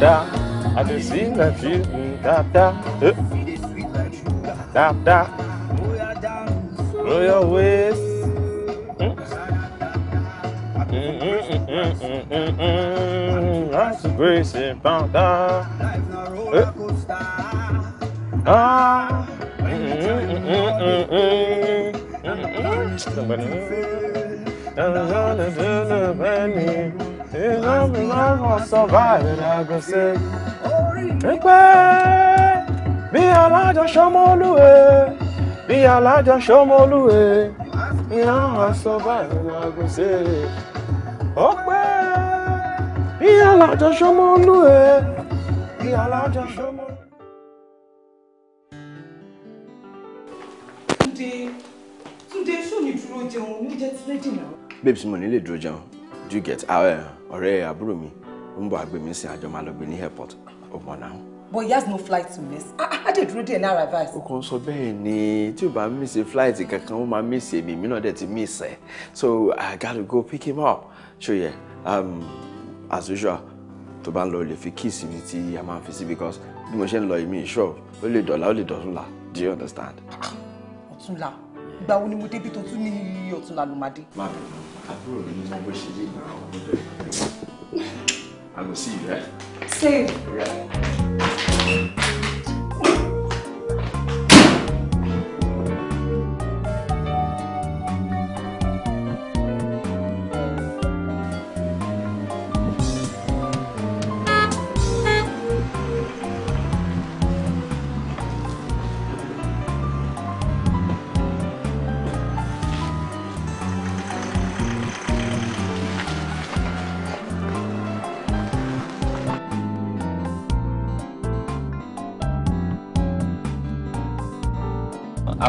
da, I just see that you da da da da. Roll your waist. That's the grace and pound da. Ah. Somebody. You know me, man, gonna survive and I go say. Pípẹ́ bí alájọ Ṣọmọlúwe bí alájọ Ṣọmọlúwe you know I survive and I go say. Ó pẹ́ bí alájọ Ṣọmọlúwe bí alájọ Ṣọmọlúwe. Túndé Túndé ṣó ni dúró jẹun do you get? our? ọ̀rẹ́ àbúrò mi ń bọ̀ àgbè mi sin àjọ máa lọ gbé ní airport ó náà. but he has no flight to miss ah, ah, adé dúró díẹ̀ náà rivers. ó kàn sọ bẹ́ẹ̀ ni tí o bá miss flight kankan ó máa miss èmi mi náà dẹ̀ ti miss ẹ̀ so i gotta go pick him up ṣó um, as usual tó bá ń lọ lè fi kí síbi tí a máa ń fi sí because bí mo ṣe ń lọ èmi ìṣọ́ ó lè dọ̀la ó lè dọ̀túnla do you understand. Ah, ọ̀túnla ìgbà wo ni mo débi tó tún ní ọ̀túnla ló máa dé. má bẹ̀rẹ̀ àbúrò mi ní mo bó ṣe lè I go see you there. Same. Yeah.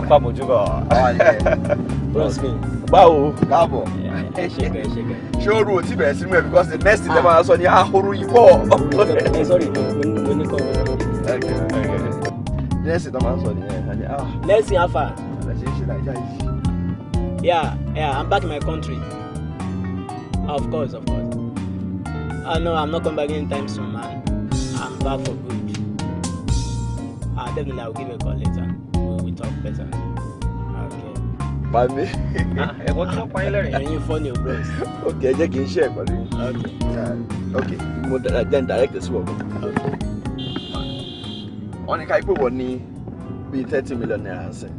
apamọ̀júbà. báwo. káàbọ̀. ẹ ṣe kẹ ẹ ṣe kẹ. ṣé o ru òtí bẹ̀rẹ̀ sínú ẹ̀ because the next thing ẹ máa sọ ni ahoro yìí pọ̀. nẹ́ẹ̀sì tó máa ń sọ nìyẹn. nẹ́ẹ̀sì afa. ẹ ṣe ṣe naija yìí. Yeah, yeah, I'm back in my country. Of course, of course. Uh, no, I'm not coming back anytime soon, man. I'm back for good. Uh, definitely, I will give you a call later we talk better. Okay. Pa mi. Ah, ẹ̀kọ́ tí wọ́n pa yín lẹ́rìn. Ẹ̀yin fọ́ ni o bros. Ok, ẹ jẹ́ kí n ṣe ẹ̀kọ́ lórí. Ok, mo then direct this one. Wọ́n ní ká yí pé wọ́n ní bíi thirty million naira ń sìn.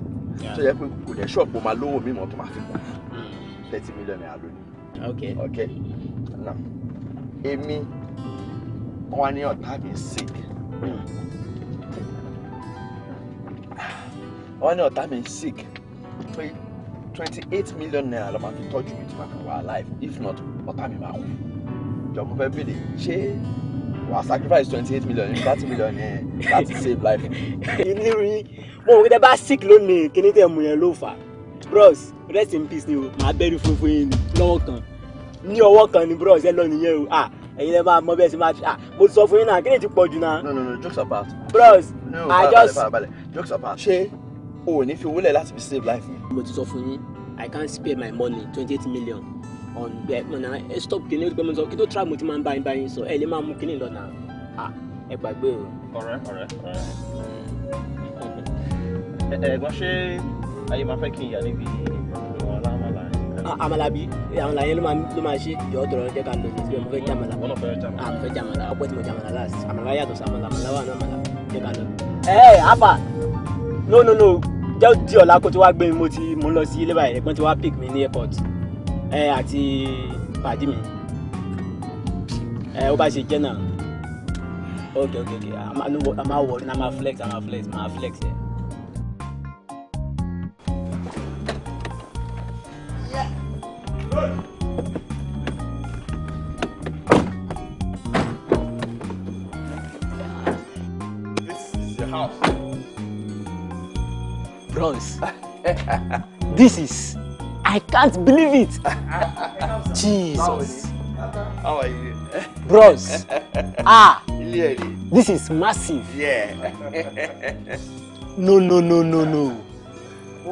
Tó yẹ pé kò dẹ̀ ṣọ́ọ̀pù máa lówó mi mọ̀ tó máa fi gbà. Hmm. thirty million naira lónìí. Ok. Ok. Now, èmi wọ́n ní ọ̀tá mi sick. Hmm. wọ́n ní ọ̀tá mi ń sick pé twenty eight million naira ló máa fi tọ́jú mi tí màá fi wà alive if not ọ̀tá mi máa kú jọ mo fẹ́ bèèrè ṣé wàá sacrifice twenty eight million thirty million yẹn láti save life. kìíní rí mo rò pé tẹ bá sick lónìí kìíní tẹ mú yẹn ló fà bros rest in peace ni o màá bẹ́ẹ̀rù funfun yìí lọ́wọ́ kan ní ọwọ́ kan ni bros ẹ lọ nìyẹn o ah ẹ̀yin lẹ máa mọ bẹ́ẹ̀ sí máa ṣe ah mo sọ fún yín náà kí ni ti pọ̀ jù náà. no no no jokes apart. bros no, i just. jokes apart. ṣé o ò ní fi owó lẹ̀ láti fi save life mi. mo ti sọ fún yín i can't spare my money twenty eight million on bẹ mọ̀nà ẹ stop kìnìún ẹgbẹ́ mi sọ kí tó tra mo ti máa ń báyìí báyìí sọ ẹ lè máa mú kìnìún lọ́nà ah, ẹ gbàgbé o. ọ̀rẹ́ ọ̀rẹ́ ọ̀rẹ́ ẹ̀gbọ́n ṣé ayé máa fẹ́ kí n yà níbi ìgbàlódé wọn alámọ̀lá ah, àmàlà bi eh, àmàlà yẹn ló máa ló máa ṣe yọ dọrọ jẹ ká lọ sí síbẹ̀ mo fẹ́ jàmàlà ah, mo fẹ́ jàmàlà ọ̀pọ̀ tí mo jàmàlà láti àmàlà yàtọ̀ sí àmàlà àmàlà wà ní àmàlà jẹ ká lọ. ẹ ẹ apa? no no no jẹ́ ó di ọ̀la kó tó wá gbé mi mo ti mo lọ sí ilé báyìí ẹ̀gbọ́n ti wá pick mi ní airport ẹ àti pàdí mi ẹ ó bá ṣe jẹ́ náà ok ok ok a máa wọ̀ ọ́ máa flex a máa flex máa flex ẹ. Yeah. Good. millions. this is I can't believe it. Jesus. How are you? Bros. ah. This is massive. Yeah. no, no, no, no, no.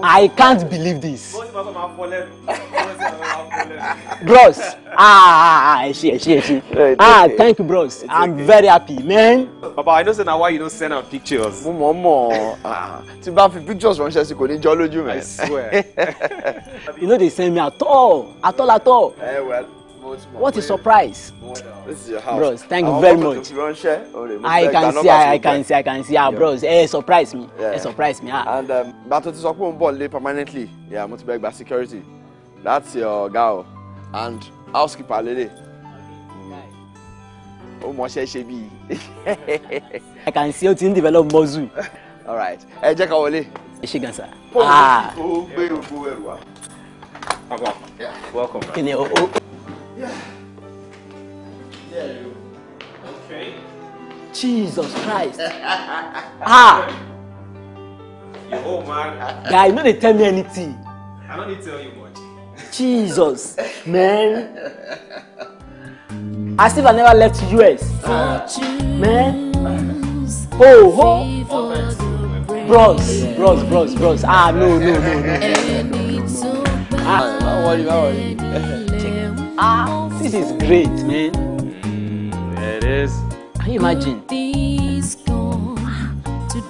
I can't believe this. bros ah ẹ ah, ṣe ẹ ṣe ẹ ṣe ah thank you bros it's I'm okay. very happy man. Papa, I know say na why you don't send am pictures. Mo ah, mọ̀ tí bá pictures from sí you can't jọ́ lójú mi. I swear. you no dey send me at all at all at all. Eh, well what a surprise. this is your house bros thank you very much i can see i can see i can see ah bros eh surprise me eh surprise me ah. and um, bàtò ti sọ pé òun bọ̀ permanently yeah mo ti bẹ gba security that's your girl and housekeeper lele Oh, mọ share, she be. i can see o ti ń develop muscle. all right Hey, jẹ́ ká wọlé. ẹ ṣe gan ah. welcome. Yeah. Yeah, you. Okay. Jesus Christ. ah. You old man. Guy, you no dey tell me anything. I need to tell you much. Jesus, man. I still have never left the US. Uh, man. Oh, ho. Oh. Bros, bros, bros, bros. Ah, no, no, no, no. no, no, no. Ah, don't worry, don't worry. Ah, this is great, man. Mm, it is. Can you imagine? Home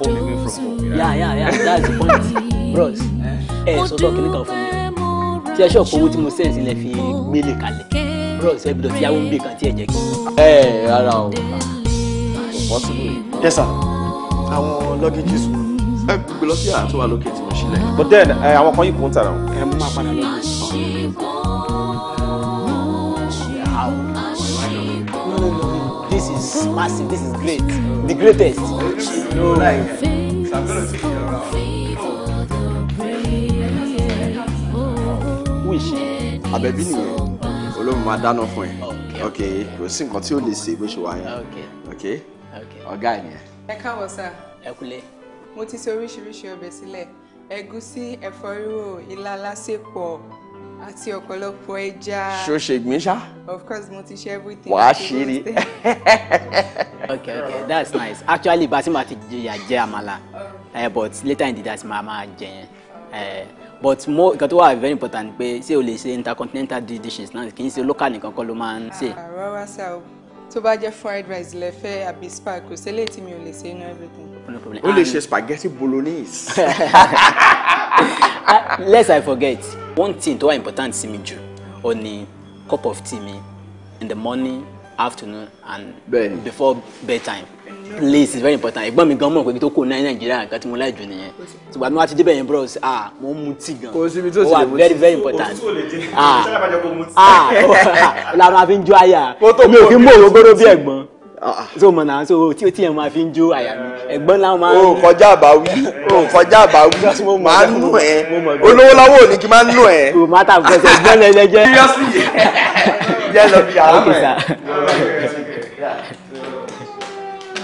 away from home, yeah. Yeah, yeah, yeah. That's the point. Bros, Eh, so talk kíní kan fún me. Tí ẹ ṣọ́ pé owó tí mo sẹ́ǹsì lẹ fi gbélé kalẹ̀. Bros, ẹ bìdọ̀ tí yàwó ń gbé kan tí ẹ jẹ́ Yes, sir. I want luggage. ẹ gbé lọ sí àtúwà lókè tí mo ṣílẹ̀. But then eh, àwọn kan yìí kò to tà náà. Ẹ mú máa is massive. This is great. The greatest. No, like, I'm gonna take you around. Who is she? Àbẹ̀bí nìyẹn. Olóhùn máa dáná fún ẹ. Ok, kò sí nǹkan tí ó lè ṣe bó ṣe wà yẹn. Ok, ọ̀gá ẹ̀ nìyẹn. Ẹ káwọ̀ sá. Ẹ kúlẹ̀. Mo ti ṣe oríṣiríṣi ọbẹ̀ sílẹ̀. Ẹ̀gúsí, ẹ̀fọ́ rírò, àti ọ̀pọ̀lọpọ̀ ẹja. ṣó ṣe ìgbín ṣá. of course mo ti ṣe everything. wàá ṣírí. okay okay that's nice actually basi ma ti jìyà jẹ àmàlà eh, but later in the day ma ma jẹ yẹn eh, but more, nkan tó wà very important pé ṣé o lè ṣe intercontinental dishes náà kì í ṣe local nìkan kọ́ ló máa ń ṣe. Ah, rárá sá o tó bá jẹ́ fried rice lẹ́fẹ́ àbí spag kò sí léètì mi ò lè ṣe inú everything. no o lè ṣe spaghetti bolognese. Ah, lest i forget one thing tó wà important sí mi jù ó ní cup of tea mi in the morning afternoon and Bẹ́ẹ̀ni. before bedtime place is very important ẹ̀gbọ́n mi gan mọ̀ pé ibi tó kò náà nàìjíríà nǹkan tí mo láì jù nìyẹn ṣùgbọ́n àti wọn ti débẹ̀ yẹn bros ah mo ń mutí gan kò síbi very very important ah ah la máa fi ń jó àyà mi ò fi ń bò ògógóró bí ẹ̀gbọ́n so mọ̀ náà so tí o ti yẹn máa fi ń jó àyà mi ẹ̀gbọ́n náà máa ń. o kọjá àbáwí o kọjá àbáwí máa ń nù ẹ olówó láwọ ò ní kí máa ń nù ẹ. o máa tà gbọ́sẹ̀ gbọ́n lẹ́lẹ́jẹ́. seriously jẹ́ lọ bí àwọn ẹ̀.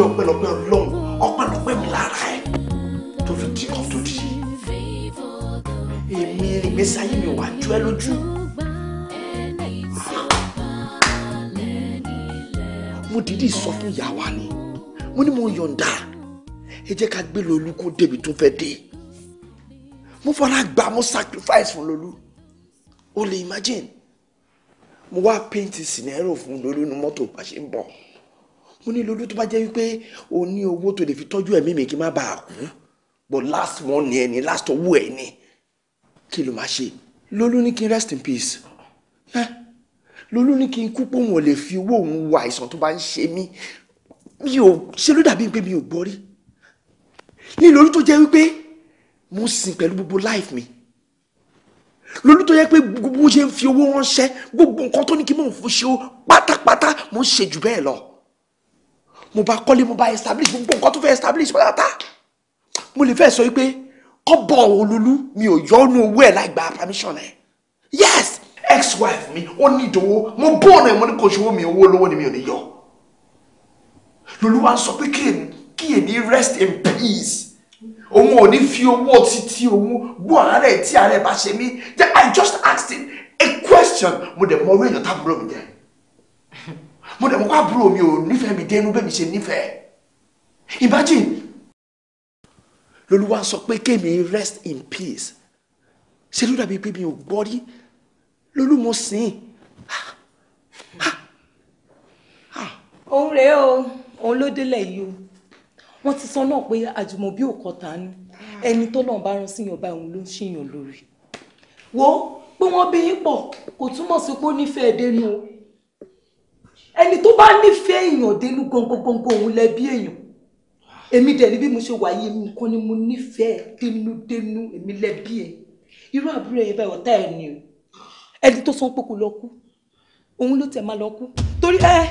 dúpẹ́ ọpẹ́lọpẹ́ ọlọ́run ọpẹ́lọpẹ́ mi lára ẹ̀ tó fi di kan tó di èmi ìgbésí ayé mi wà jọ ẹ lójú. mo dìídì sọ fún ìyá wa ni mo ní mo yọ̀ǹda ẹ jẹ́ ká gbé lolú kó débi tó fẹ́ dé mo fara gbà mo sacrifice fún lolú o lè imagine mo wá paint scenario fún lolú ní mọ́tò bá ṣe ń bọ̀ mo ní lolú tó bá jẹ́ wípé o ní owó tó lè fi tọ́jú ẹ̀mí mi kí n má bàa kú but last one ni ni last owó ẹ ni kí ló máa ṣe lolú ní kí n rest in peace lolú ní kí n kú pé òun ò lè fi owó òun wo àìsàn tó bá ń ṣe mí mi ò ṣe ló dàbí pé mi ò gbọ́ rí ní lolú tó jẹ́ wípé mo sìn pẹ̀lú gbogbo life mi lolú tó yẹ pé gbogbo ṣe ń fi owó ránṣẹ́ gbogbo nǹkan tó ní kí mò ń fi ṣe ó pátápátá mo ń ṣe jù bẹ́ẹ̀ lọ mo bá kọ́lé mo bá establish gbogbo nǹkan tó fẹ́ establish pátá mo lè fẹ́ sọ wípé kọ́bọ̀ olólú mi ò yọ ọ́nú owó ẹ̀ láì gba permission ẹ̀ yes ex-wife mi ó ní ìdòwò mo bọ́ ọ̀nà ìmọ̀ ní kò ṣòwò mi owó olówó ni mi ò ní yọ lolúwa sọ pé kí èmi kí èmi rest in peace òun ò ní fi owó títí òun gbọ́ àárẹ̀ tí àárẹ̀ bá ṣe mí I just asked him a question mo dẹ̀ mọ orí èèyàn tábúrò mi jẹ́ mo dẹ̀ mọ́ kó àbúrò mi ò nífẹ̀ẹ́ mi dénú bẹ́ẹ̀ mi ṣe nífẹ̀ẹ́ imagine lolúwa sọ pé kémi rest in peace ṣe ló dàbí pé mi ò gbọ́ rí lolú mo sìn òun rèé o òun ló délẹ̀ yìí o wọ́n ti sọ náà pé àjùmọ̀bí ò kọtàánú ẹni tó náà bá rán síyàn báyìí òun ló ń ṣìyàn lórí wo pé wọ́n bí yín pọ̀ kò túmọ̀ sí pé ó nífẹ̀ẹ́ dénú o ẹni tó bá nífẹ̀ẹ́ èèyàn dénú gangan òun lẹbi èèyàn èmi dẹ̀ ni mo ṣe wà mi kọ́ ni mo nífẹ̀ẹ́ dénúdénú èmi lẹbi ẹ̀ irú àbúrò ẹ̀ báyìí ọ̀tá ẹ̀ ni o ẹni tó san pòkò lọ kú òun ló tẹ̀ máa lọ kú torí ẹ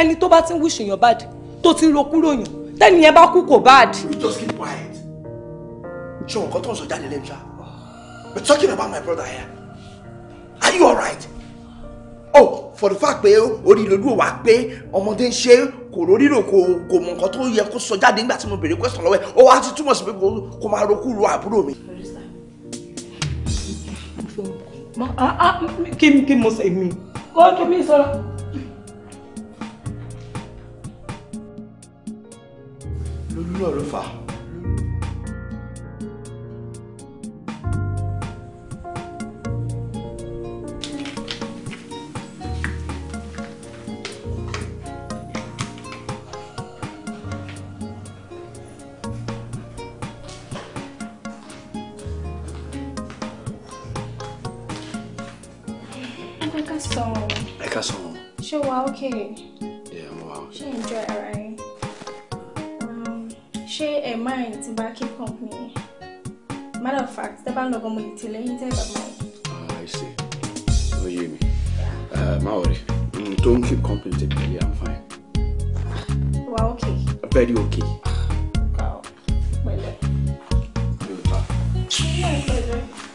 ẹni tó bá ti ń wíṣọ èèyàn báàdì tó ti ń ro kúrò yàn tẹ́ni yẹn bá kú kò báàdì. you just keep quiet ṣé wọn kọ́ tó ń sọ jáde lẹ́nu ṣá we're talking about my brother here are you alright? for the fact pé orí ìlòdù wà pé ọmọdé ń ṣe kò rórírò kò kò mọ nǹkan tó yẹ kó sọ jáde nígbà tí mo bèrè question lọ́wọ́ ẹ̀ ó wá ti túmọ̀ sí pé kò máa rokú ro àbúrò mi. kí mo ṣe mí kó kí mi sọ̀rọ̀. lolú náà ló fà á. okay? Yeah, Wow. She okay. Ṣé enjoy ara yín? Um, ṣé ẹ mind to back keep company? Matter of fact, the bá ń lọ gan mo lè tẹ̀lé yín tẹ́ Ah, I see. Ó yé Uh, eh, Maori. worry, don't mm, keep company tẹ̀lé, I'm fine. Wow, okay. Very okay. Wow, pẹ̀lẹ́. Yóò ta.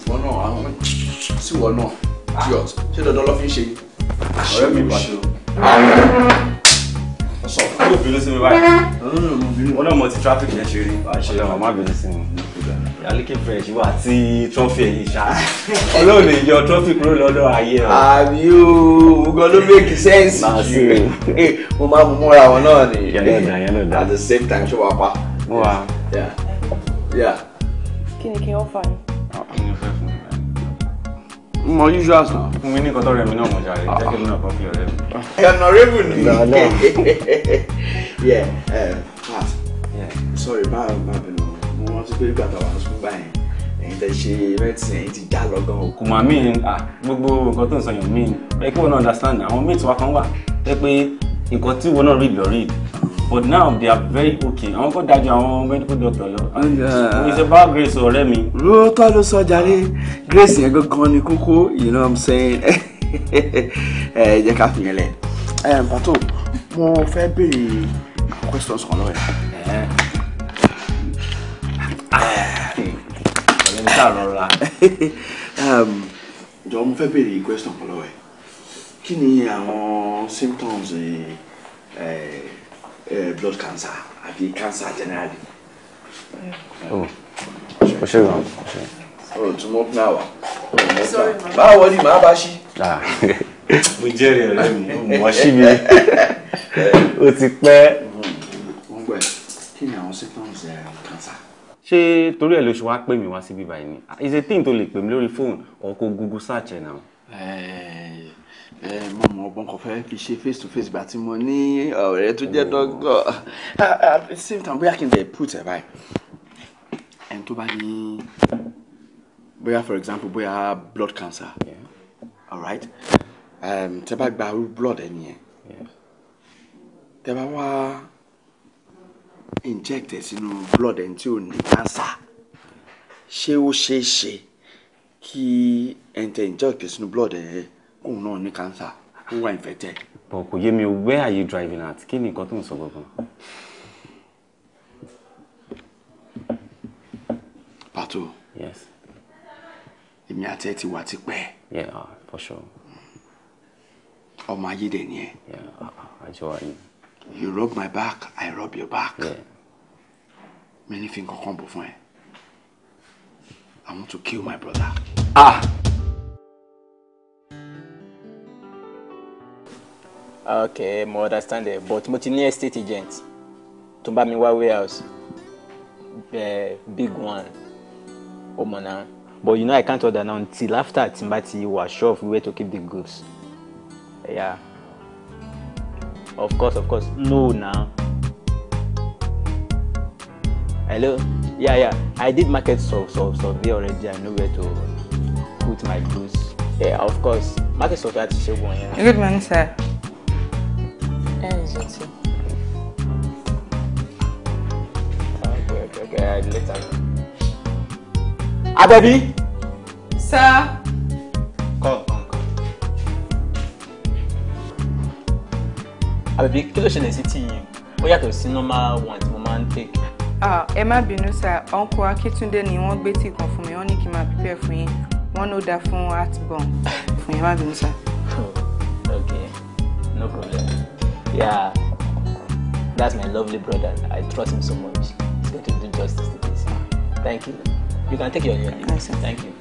Wọ́n náà, àwọn See wọ́n náà. Ṣé dandan ló fi ń ṣe? Ọ̀rẹ́ mi bá sọ fún mi obìnrin sí mi báyìí ọlọ́mọ ti traffic yẹn ṣe rí ọlọ́mọ má bínú sí mi fresh wa àti trọfì ẹyin ṣá Ọlọ́run lè yọ trọfì kúrò lọ́dọ̀ ayé rẹ. àbí o ògùn make sense jù mo máa mú múra wọn náà ni at the same time ṣé wàá pa. kí ni kí n ọ́ fà mo usual sùn. fún mi ní nǹkan tó rẹ̀ mí náà mo jàre jẹ́ kí mi náà kàn fi ọ̀rẹ́ mi. ọ̀nà rẹ́bù ni. yeah eh, pat sorry má má bínú mo rántí pé ìgbà táwa sùn gbà yẹn ẹ̀yin tẹ ṣe rẹ́tì ẹ̀yin ti já lọ́gán o. kò máa mí gbogbo nǹkan tó ń sọ yàn mí ẹ kí wọn náà understand àwọn mates wa kan wà pé nǹkan tí wọn náà read lọ read but now they are very okay àwọn kan dájú àwọn medical doctor lọ uh, it's about grace ọ̀rẹ́ mi. lóòótọ́ ló sọ jàre grace yẹn gangan ni kókó you know what i'm saying ẹ jẹ́ ká fi yẹn lẹ̀ ẹ pàtó mo fẹ́ béèrè questions kan lọ́wọ́ ẹ̀. ọ̀rẹ́ mi ṣàrọ̀ra. Um, jọ̀ọ́ mo fẹ́ béèrè question kan lọ́wọ́ ẹ̀ kí ni àwọn symptoms. Eh, eh, Eh, blood cancer I àbí cancer generally. Oh, eh. ṣe gan o ṣe. o tún mọ pín àwà báwo ni màá bá ṣí. Ah. mo jẹ́rìí ọ̀rẹ́ mi mo ṣí mi o ti pẹ́. Mm-hmm. kí ni àwọn symptoms eh, cancer? ṣé torí ẹ̀ ló ṣe wá pè mí wá síbí báyìí ni is a thing tó lè pè mí lórí fóònù or kó google search ẹ̀ náà ẹ mo mọ ọgbọ́n kan fẹ́ fi ṣe face to face gbà tí mo ní ọ̀rẹ́ tó jẹ́ oh. dọ́gọ̀ same time bóyá kí n lè put ẹ̀ báyìí ẹni tó bá ní bóyá for example bóyá blood cancer yeah. alright tẹ bá gba blood ẹ nìyẹn tẹ bá wá inject ẹ sínú blood ẹ tí ò ní cancer ṣé ó ṣeé ṣe kí ẹ ń tẹ inject ẹ sínú blood ẹ òun náà ní kánsà ó wà infected. but kò yé mi where are you driving at kí ni nǹkan tó ń sọ gbọ̀ngàn. pàtó. yes. èmi àti ẹ ti wà tipẹ́. yeah uh, for sure. ọmọ ayé dẹ̀ ni ẹ. yeah uh, uh, àjọ uh, ayé. you rub my back I rub your back. Yeah. mi ní fi nǹkan kan bò fún ẹ. I want to kill my brother. ah. okay mo understand it but mo ti ní estate agent tó bá mi wá warehouse the big one ó mọ̀ náà but you know I can't order now until after tí n bá ti wà sure of where to keep the goods yeah of course of course no now hello yeah yeah I did market survey so, so, so already I know where to put my goods yeah of course market survey àti ṣẹ́gun yẹn. good morning sir. That is it. Okay, okay, okay. I'll later. Abebi. Sir. Come, come, come. Abebi, kí ló ṣẹlẹ̀ sí tí ó yàtọ̀ sí normal one tí mo máa ń take? Ah, ẹ má bínú sir, uncle Akíntúndé ni wọ́n gbé tí kan fún mi, wọ́n ní kí n máa prepare fún yín. Wọ́n ló dáa fún heartburn fún yín, má bínú sir. Okay, no problem. Yeah. That's my lovely brother. I trust him so much. He's going to do justice to this. Thank you. You can take your, your leave. Thank you.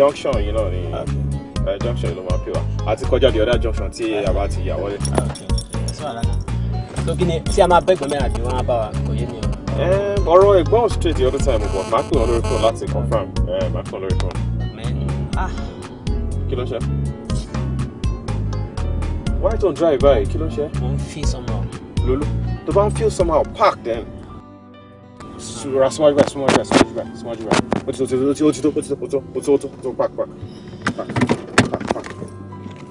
junction yìí náà ni eh, junction yìí ló máa pè wá àti kọjá the other junction tí àbá ti yà wọlé. so kí ni tí a máa bẹ́gbọ̀n mẹ́rin àbí wọ́n á bá wa kò yé mi o. Eh, ọ̀rọ̀ ẹ̀gbọ́n straight the other time but máa pè wọ́n lórí phone láti confirm eh, máa pè wọ́n lórí phone. Ah. kí ló ń ṣe. why don't drive by kí ló ń ṣe. mo ń feel somehow. lolu tó bá ń feel somehow park then ra súnmọ́ jùlọ súnmọ́ jùlọ súnmọ́ jùlọ súnmọ́ jùlọ ó ti tó ó ti tó ó ti tó ó ti tó ó ti tó ó ti tó ó ti tó pak pak pak pak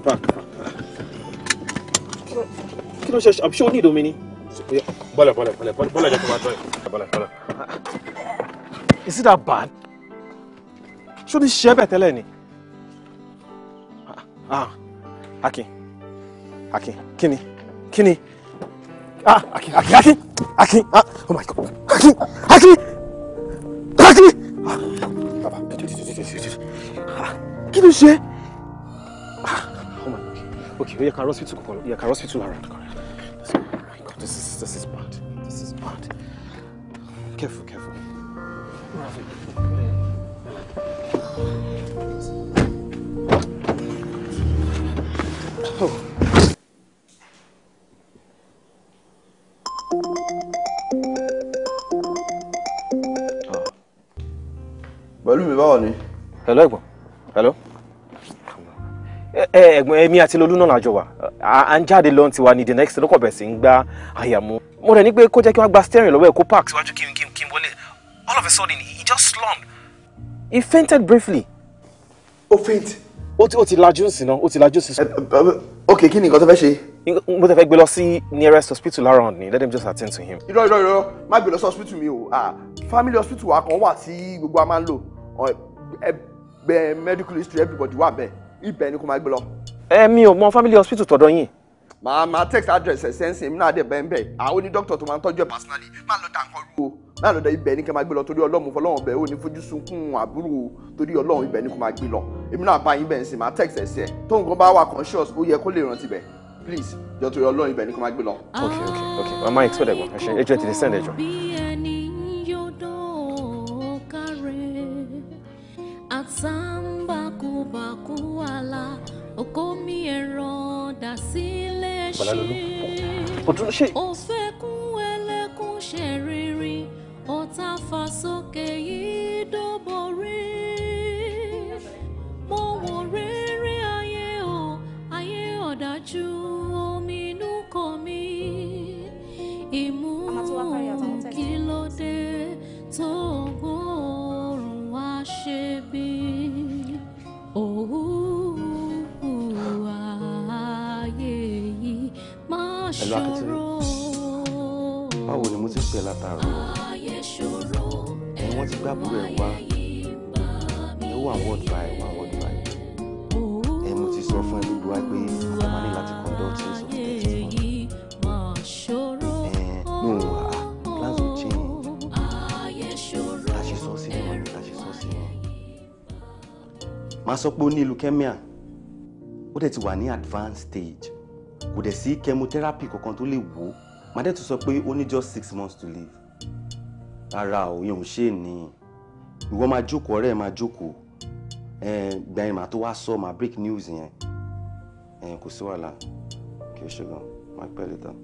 pak pak. kí ló ṣe is it that bad? ṣé o ní ṣe bẹ́ẹ̀ tẹ́lẹ̀ ni? Akin Akin kí Ah, Akin, Akin, Akin, Akin, ah, oh my God, Akin, Akin, Akin. Bàbá, kí ló ṣe? Ah, oh my God, okay, ó yẹ ká hospital kò kọ̀, ó yẹ ká hospital ara. Oh my God, this is, this is bad, this is bad. Careful, careful. Rafi. pẹ̀lú mi báwo ni. hello ẹ̀gbọ́n hello. ẹ ẹ̀gbọ́n èmi àti lolú náà làjọ wà à ń jáde lọ́n tiwa ni the next lọ́kọ̀ bẹ̀ sí ń gba àyàmú. mo rẹ̀ ní pé kó jẹ́ kí wọ́n gba steering lọ́wọ́ ẹ̀ kó park síwájú kí n kí n kí n wọlé all of a sudden he just slumped he fainted briefly. ó faint. ó ti ó ti lajú sí náà ó ti lajú sí. ok kí ni nǹkan tó fẹ́ ṣe. mo tẹ fẹ́ gbé lọ sí nearest hospital around ni let them just attend to him. irọ́ irọ́ irọ́ má gbé lọ sí hospital mi o ah, family hospital wa kan wà tí gbogbo a máa ń lò ẹgbẹ́ eh, medical history everybody wà bẹ́ẹ̀ ibẹ̀ ni kò máa gbé lọ. ẹ mi ò family hospital tọ̀dọ̀ yín. màá máa text address ẹ̀ sẹ́nsìn na náà dẹ̀ bẹ́ẹ̀ bẹ́ẹ̀ àwọn oní doctor to máa ń tọ́jú ẹ̀ personally máa lọ dà nǹkan rú o máa lọ dẹ ibẹ̀ ni kẹ́ máa gbé lọ torí ọlọ́run fọlọ́run bẹ̀ ó ní fojú sunkún àbúrò torí ọlọ́run ibẹ̀ ni kò máa gbé lọ èmi náà bá yín bẹ̀ ń sìn máa text ẹ̀ sí ẹ̀ tó nǹkan bá conscious ó yẹ kó lè rántí bẹ̀ please jọ torí ọlọ́run ibẹ̀ ni kò máa gbé lọ. ok Okay, ok mama expect ẹ̀gbọ́n ẹ ṣe é jẹ́ ti lè send ẹ̀jọ̀. helal olun. Otur şey bẹ́ẹ̀ látàárọ̀ ni wọ́n ti gbàbúrò ẹ̀ wá ó wà wọ́ọ̀dù báyìí wà wọ́ọ̀dù báyìí ẹ̀ mo ti sọ fún ẹ gbogbo wa pé ọkọ máa ní láti conduct this of the ah, màá sọ pé ó ní leukemia ó dẹ̀ ti wà ní advanced stage kò dẹ̀ sí chemotherapy kankan tó lè wò ó màdé tó sọ pé ó ní just six months to live Ara, o yẹn ò ṣe é ní ìwọ máa jókòó ọ̀rẹ́ máa jókòó gbà yẹn màá tó wá sọ màá break news yẹn kò sí wàhálà kì í ṣe gan máa pẹ́ lè tán.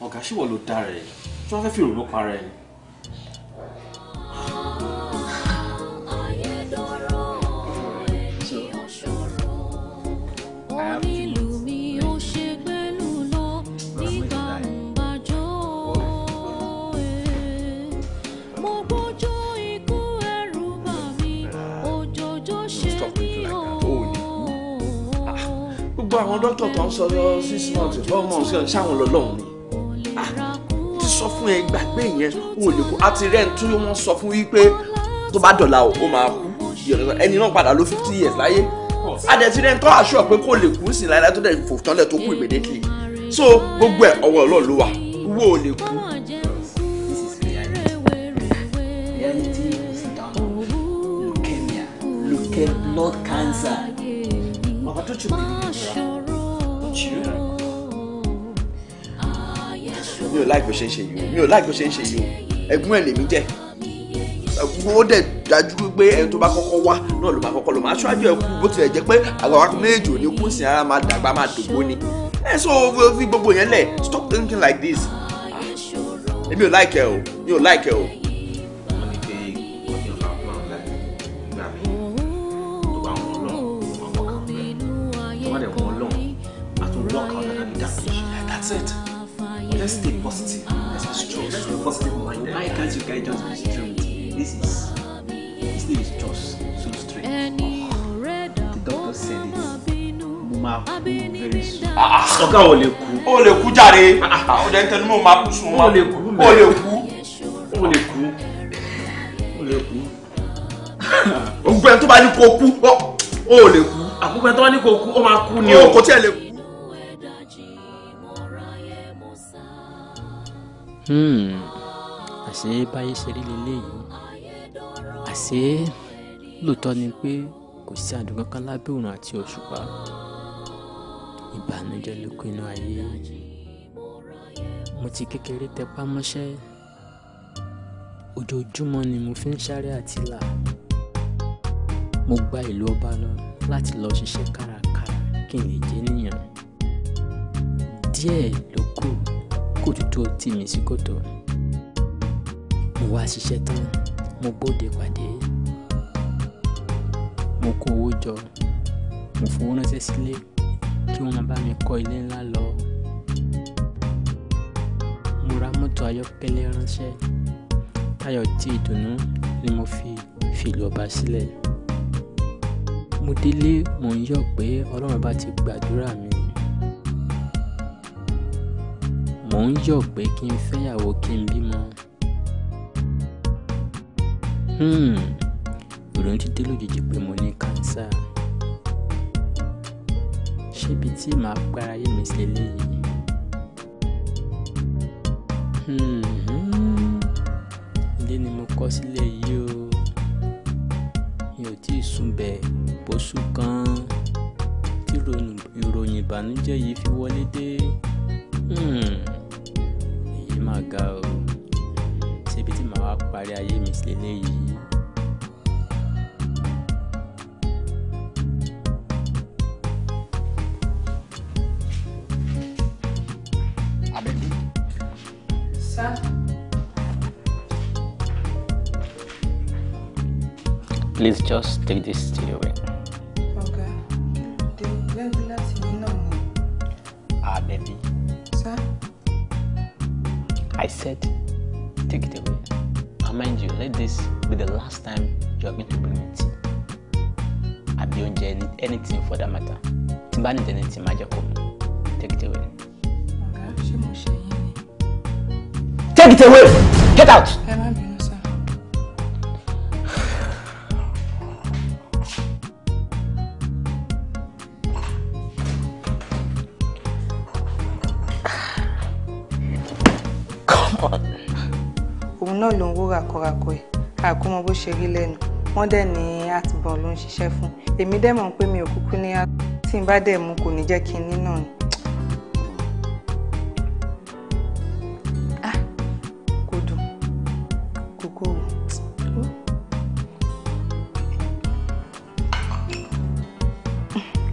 ọ̀gá ṣíwọ̀ ló dára ẹ̀ tí wọ́n fẹ́ fi ìrònú para ẹ̀ ni. àwọn dókítà tó ń sọ six months twelve months ṣáwọn lọ́lọ́run ni ah, ti sọ fún ẹ gbàgbé yẹn o lè kó àti rẹ̀ tún wọ́n sọ fún wípé tó bá dọ̀la o ó máa kú ẹni náà padà ló fifty years láyé àdẹ̀tí rẹ̀ tọ́ àṣọ pé kò lè kú sí láyé tó dẹ̀ fò tán lẹ̀ tó kú immediately so gbogbo ẹ̀ ọwọ́ ọlọ́ọ̀ ló wà wo ò lè kú. Blood cancer. Mama, don't you believe me? mi ò láì bó ṣe ń ṣe yìí o mi ò láì bó ṣe ń ṣe yìí o ẹ̀gbọ́n ẹ̀ lèmi jẹ́ ó dẹ̀ dájú pé ẹni tó bá kọ́kọ́ wá náà ló máa kọ́kọ́ lọ máa ṣáájú ẹ̀ kú bó tilẹ̀ jẹ́ pé àgbàwá méjì ò ní kú sí ara máa dàgbà máa dògbó ni ẹ sọ fi gbogbo yẹn lẹ̀ stop thinking like this ah, èmi ò láìkẹ́ o mi ò láìkẹ́ o máa kú very soon. Ah, ah, ọ̀gá ò lè kú. ó lè kú jàre ah, ó dẹ̀ ń tẹnu mọ́ máa kú sùn ó lè kú ó lè kú ó lè kú ó lè kú. ògbẹ́ tó bá ní kó kú ó lè kú. àkókò tó bá ní kó kú ó máa kú ni o. kò tiẹ̀ lè kú. Hmm. àṣé báyé ṣe rí leléyìí àṣé lóòótọ́ ni pé kò sí àdúgbò kan lábẹ́ òrùn àti òṣùpá ìbànújẹ́ ló kún inú ayé mo ti kékeré tẹpá mọ́ṣẹ́ ojoojúmọ́ ni mo fi ń sáré àti là mo gba ìlú ọba lọ láti lọ ṣiṣẹ́ kárakára kí n lè jẹ́ níyàn díẹ̀ ló kù kó tútù tì mí sí kòtò mo wá ṣiṣẹ́ tán mo bóde pàdé mo kó owó jọ mo fowó ránṣẹ́ sílé kí wọ́n bá mi kọ́ ilé ńlá lọ. Mo ra mọ́tò ayọ́kẹ́lẹ́ ránṣẹ́. Táyọ̀ tí ìdùnnú ni mo fi fìlú ọba sílẹ̀. Mo délé mò ń yọ̀ pé Ọlọ́run bá ti gbàdúrà mi. Mò ń yọ̀ pé kí n fẹ́yàwó kí n bímọ. Hmm, ìròyìn ti dé lójijì pé mo ní kánsá ṣébi tí màá gbáráyé mi sí eléyìí. Hmm. ilé ni mo kọ́ sílẹ̀ yìí o mi ò tí ì sùn bẹ̀ bóṣù kan tí ìròyìn ìbànújẹ́ yìí fi wọlé dé hmm. èyí mà ga o ṣébi tí màá wá parí ayé mi sí eléyìí. ça. Please just take this steering. Ọ̀gá, the regulars yìí náà ni. Ah, baby. Sir? I said, take it away. And mind you, let this be the last time you are going to bring me tea. Àbí oúnjẹ, anything for that matter. Tí bá ní ìdẹ́ni tí máa take it away. Take it away. Get out. Come on. Òun náà ló ń wó ràkọràkọ ẹ̀. Àkómọ bó ṣe rí lẹ́nu. Wọ́n dẹ̀ ní àtibọ̀n ló ń ṣiṣẹ́ fún. Èmi dẹ̀ mọ̀ pé mi ò kúkú ní àtibọ̀n. Tí n bá dẹ̀ mú kò ní jẹ́ kí n ní náà ni.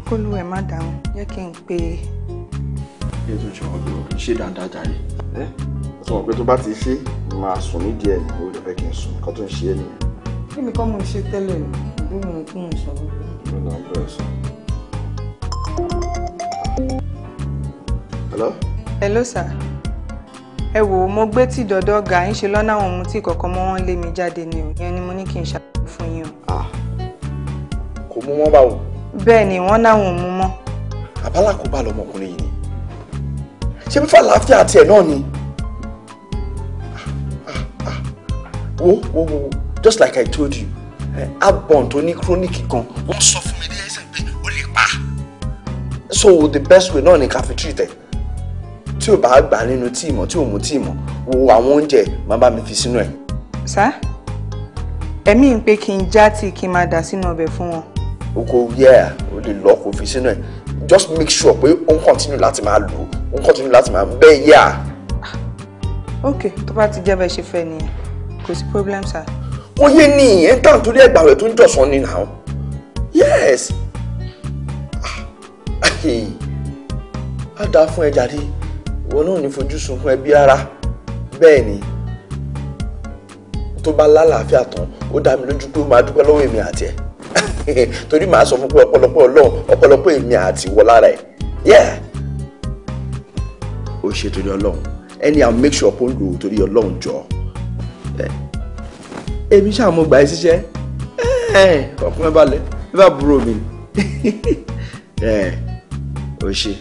kólú ẹ̀ má dáhùn jẹ́ kí n pe. kí ètò ìṣòro ọgbẹ́ òkè ṣe dáadáa jàre ẹ ó sọ pé tó bá ti ṣe máa sùn nídìí ẹ̀ ní orí ìfẹ́ kí n sùn nǹkan tó ń ṣe é nìyẹn. kí ni kọ́ mo ṣe tẹ́lẹ̀ bí mo kún un sọ. ló ń bọ̀ ẹ̀ sọ. hello. hello sir ẹ wò ó mo gbé tí dọdọ ọgá ń ṣe lọ́nà àwọn ohun tí kọ̀ọ̀kan mọ́ wọn lé mi jáde ni ò yẹn ni mo ní kí n ṣàlàyé fún yín o. Ah, kò mú wọn bá bẹ́ẹ̀ ni wọ́n náwọn mú mọ́. àbálà bá lọmọkùnrin yìí ni ṣé fífa àlàáfíà àti ẹ̀ náà ni wo wo wo just like I told you abọ̀n tó ní chronic gan wọ́n sọ fún mi ní ẹsẹ̀ pé ó lè pa so the best way náà ni ká fi treat ẹ̀ tí ò bá gbà nínú tíì mọ̀ tí ò mú tíì mọ̀ wo àwọn oúnjẹ máa bá mi fi sínú ẹ̀. sá ẹ̀mí ń pé kí n já tí kí n máa dà sínú ọbẹ̀ fún wọn o kò yẹ o lè lọ kò fi sínú ẹ just make sure pé o ń continue láti máa lò o ń continue láti máa bẹ́ẹ̀ yà. ok tó bá ti jẹ́ bẹ́ẹ̀ ṣe fẹ́ nìyẹn kò sí problem sir. ó yé ni ìyẹn tán torí ẹgbàá rẹ tó ń jọ̀sán ni now yes á ah, dáa fún ẹ jáde ìwọ náà ní fojú sunkún ẹbí ara bẹ́ẹ̀ ni tó bá lálàáfíà tán ó dá mi lójú pé ó máa dúpẹ́ lọ́wọ́ èmi àti ẹ̀. torí màá sọ fún pé ọ̀pọ̀lọpọ̀ Ọlọ́run ọ̀pọ̀lọpọ̀ èmi àti wọ lára ẹ yeah. ó ṣe torí Ọlọ́run ẹni àwọn make sure pé lò ó torí Ọlọ́run jọ eh. èmi ṣáà mo gbà eh, ẹ síṣẹ́ ọkùnrin balẹ̀ ẹ bá burú mi ó eh, ṣe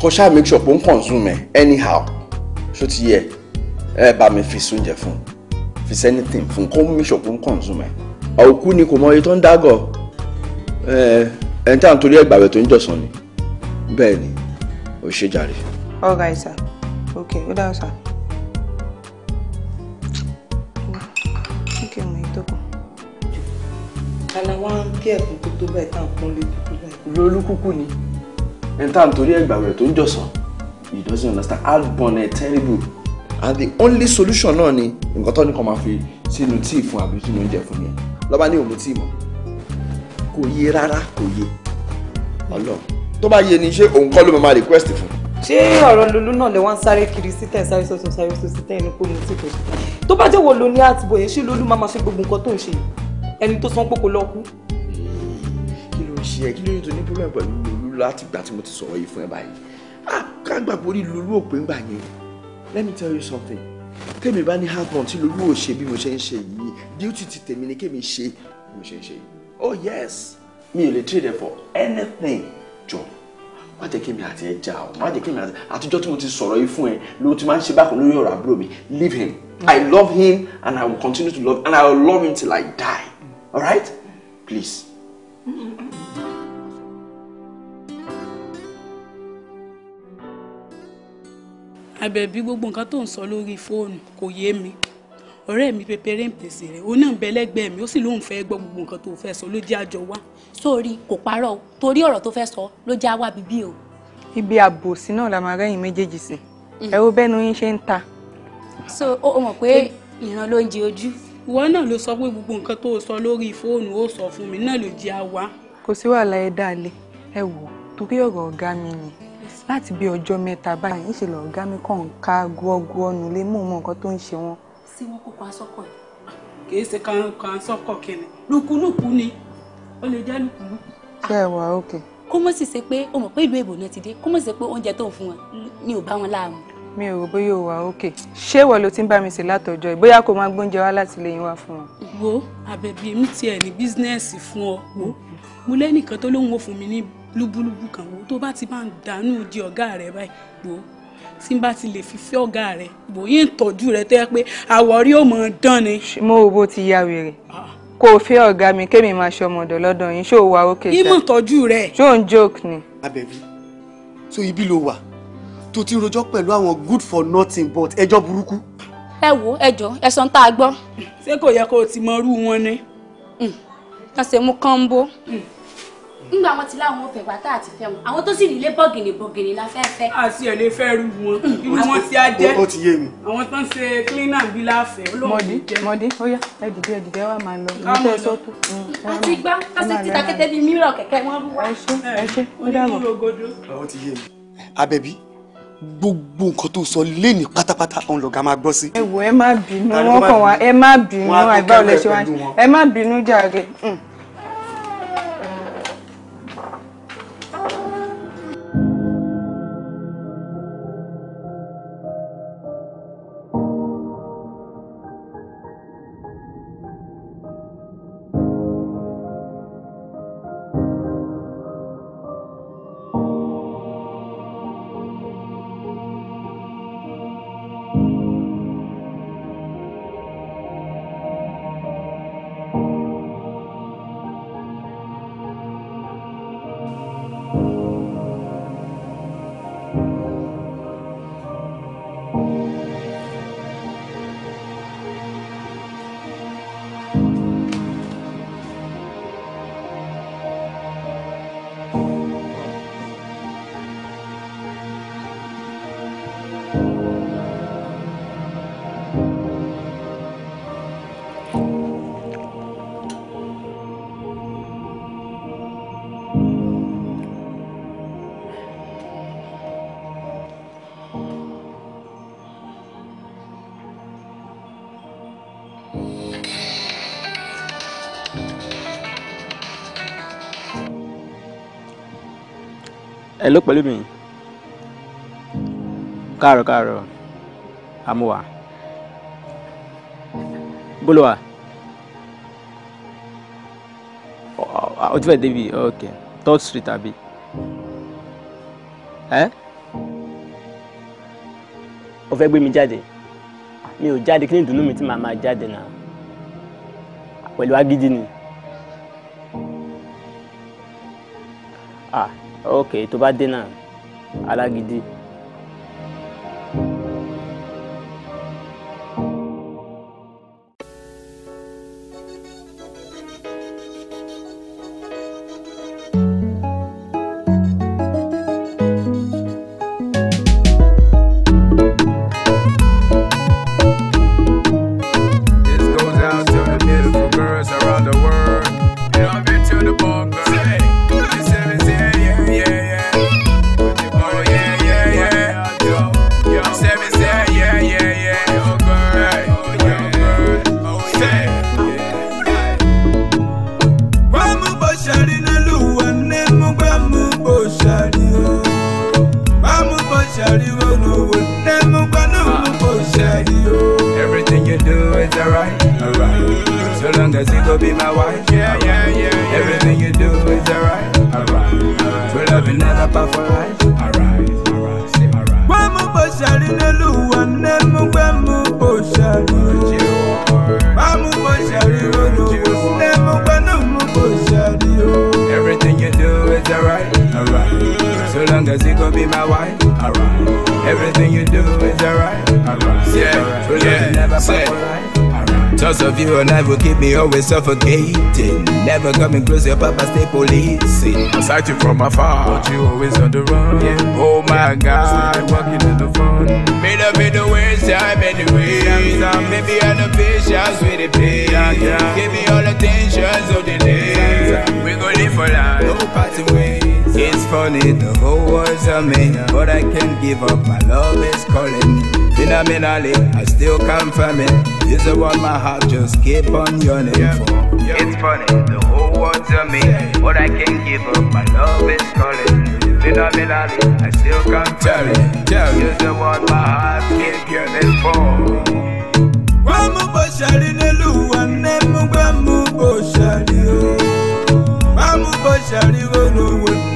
kọ ṣáà make sure pé ó ń consume anyhow ṣó ti yẹ ẹ bá mi fi sóúnjẹ fún fi sẹ́nitìn fún kó mú ìṣọ̀kún kọ̀ǹsùmẹ̀. òkú ni kò mọ iye tó ń dágọ̀ ẹni tí a ń torí ẹgbà tó ń jọ̀sán ni bẹ́ẹ̀ ni ò ṣe jàre. all right sir okay ó dáhùn sir. ala wa ń kí ẹ̀kún tó tó bẹ́ẹ̀ tá à ń pọ́n lójú tó bẹ́ẹ̀. lolúkúkú ni ẹni tá à ń torí ẹgbà rẹ tó ń jọ̀sán he doesn't understand hard born terrible and the only solution náà ni nǹkan tó ní kó máa fi sínú tíì fún àbí sínú oúnjẹ fún mi lọ́ba ní òun tíì kò yé rárá kò yé Ọlọ́run tó bá yé ni ṣé òun kọ́ ló máa request fún. ṣé ọ̀rọ̀ lolú náà lè wọ́n sáré kiri sítẹ̀ sáré sọ́tún sáré sọ́tún sítẹ̀ inú kó mu tí kò sùn tó bá jẹ́ wo lo ní àtìbò yẹn ṣé lolú máa ma ṣe gbogbo nǹkan tó ń ṣe ẹni tó san pópó lọ kú. kí ló ń ṣe ẹ kí ló ń tó ní problem pẹ̀lú lolú láti ìgbà tí mo ti sọ̀rọ̀ yìí fún ẹ báyìí ah ká gbàgbọ́ orí lolú òpin gbà yẹn let me tell you something tèmi bá ní hard on tí lolú ò ṣe bí mo ṣe ń ṣe yìí duty ti tèmi ni kémi ṣe bí mo ṣe ń ṣe yìí oh yes mi ò lè trade for anything jọ má jẹ́ kí mi àti ẹ jà o má jẹ́ kí mi àti àtijọ́ tí mo ti sọ̀rọ̀ yìí fún ẹ ló ti máa ń ṣe bákan lórí ọ̀rọ̀ àbúrò mi leave him mm. i love him and i will continue to love and i will love him till i die All right, please. àbẹ̀bí gbogbo nǹkan tó ń sọ lórí fóònù kò yé mi ọ̀rẹ́ mi pépéré ń pèsè rẹ̀ òun náà ń bẹ lẹ́gbẹ̀ẹ́ mi ó sì lóun fẹ́ gbọ́ gbogbo nǹkan tó fẹ́ sọ ló jẹ́ àjọ wá. sórí kò parọ́ o torí ọ̀rọ̀ tó fẹ́ sọ ló jẹ́ àwa bíbí o. ibi àbòsí náà la máa rẹ́yìn méjèèjì sí mm. ẹ wo bẹ́nu yín ṣe ń ta. so o mọ̀ pé ìran ló ń jẹ ojú. ìwọ náà ló sọ pé gbogbo nǹkan tó sọ lórí fóònù ó sọ fún mi náà ló jẹ́ àwa. kò sí wàhálà ẹ dáalé ẹ wò torí ọ̀rọ̀ ọ̀gá mi ni láti bí ọjọ́ mẹ́ta báyìí ń ṣe lọ́ọ́ ọ̀gá mi kàn ń ká gbọ́gbọ́ nulẹ̀ mú mọ́ nǹkan tó ń ṣe wọn sí wọn kó kansọ́kọ̀ yìí. kì í ṣe kansọ́kọ̀ kìnnì lùkúlùkù ni ó lè jẹ́ lùkúlùkù. ṣé ẹ wà ókè. kó mọ̀ sì ṣe pé o mọ̀ pé ìlú èbò náà ti dé kó mọ̀ sì ṣe pé oúnjẹ tó ń fún wọn ni ò bá wọn mi o wà ókè ṣé ìwọ ló ti ń bá mi sè látọjọ́ yìí bóyá kó máa gbóúnjẹ wá láti lè yín wá fún wọn. wo àbẹ̀bí mi tiẹ̀ ní bísínẹ́sì fún ọ wo mo lẹ́nìkan tó lóun ò fún mi ní lúbúlúbú kan wo tó bá ti bá ń dànù di ọ̀gá rẹ̀ báyìí wo tí n bá ti lè fi fẹ́ ọ̀gá rẹ̀ bòye ń tọ́jú rẹ̀ tẹ́ pé àwọ̀rí ò mọ̀ dán ni. mo wo bó ti ya wèrè ah. kò fẹ́ ọ̀gá mi kémi máa ṣe ọmọdọ̀ lọ́dọ̀ yín ṣó wa ókè ṣá. ìmọ̀ tọ́jú rẹ̀. ṣó joke ni. abẹ́bí so ibi ló wà tó ti rojọ́ pẹ̀lú àwọn good for nothing but ẹjọ́ burúkú. ẹ wo ẹjọ́ ẹsan tá a gbọ́. ṣé kò yẹ kó o ti mọ irú wọn ni. ká hmm. ṣe mú kánbó. Hmm nígbà wọn ti láwọn fẹ́ wá tá àti fẹ́ wọn àwọn tó sì nílé bọ̀gìnì bọ̀gìnì la fẹ́ fẹ́. àti ẹ̀ lè fẹ́ rú wọn mm. irú wọn ti á jẹ́ ó ti yé mi. àwọn tó ń ṣe cleaner bí láàfẹ́ olóògbé jẹ́. mọ̀dí ó yá ẹ dìde ẹ dìde wá máa lọ ní tẹ́ sọ́tù. àti gbá kásì títa kété bíi mìíràn kẹ̀kẹ́ wọn rú wa. ẹ ṣe ẹ ṣe ó dàbọ̀. ó ti yé mi. Àbẹ̀bí gbogbo nǹkan tó sọ léni pátápátá òun lọ̀gá máa gbọ́ sí. ẹ wo ẹ má bínú wọn kàn wá ẹ má bínú àìbáwọlẹ ṣe wá ẹ má bínú jàre. Mm. ẹ ló pẹ̀lú mi káàárọ̀ káàárọ̀ amúwà bólúwa ó ti fẹ́ débi ok third street àbí ẹ ó fẹ́ gbé mi jáde mi ò jáde kí ni ìdùnnú mi tí màá máa jáde náà pẹ̀lú agídí ni. Ah ok tó bá dé náà alágídí. Your knife will keep me always suffocating. Never coming close, your papa stay policing. I sight you from afar, but you always on the run. Yeah. Oh my God, so walking in the fun. Made up in the worst time anyway. maybe I'm the patience with the pain. Give me all the attention, so the Sometimes. We gon' live for life, no parting ways. It's funny, the whole world's a man, but I can't give up. My love is calling. Phenomenally, I still confirm it. You're the one my heart just keep on yearning for. It's funny, the whole world's on me, but I can't give up. My love is calling. Phenomenally, I still confirm tell it. Tell You're the one my heart keep yearning for. Wamu boshali nelu wane mu wamu boshali o. Wamu boshali wonu wonu.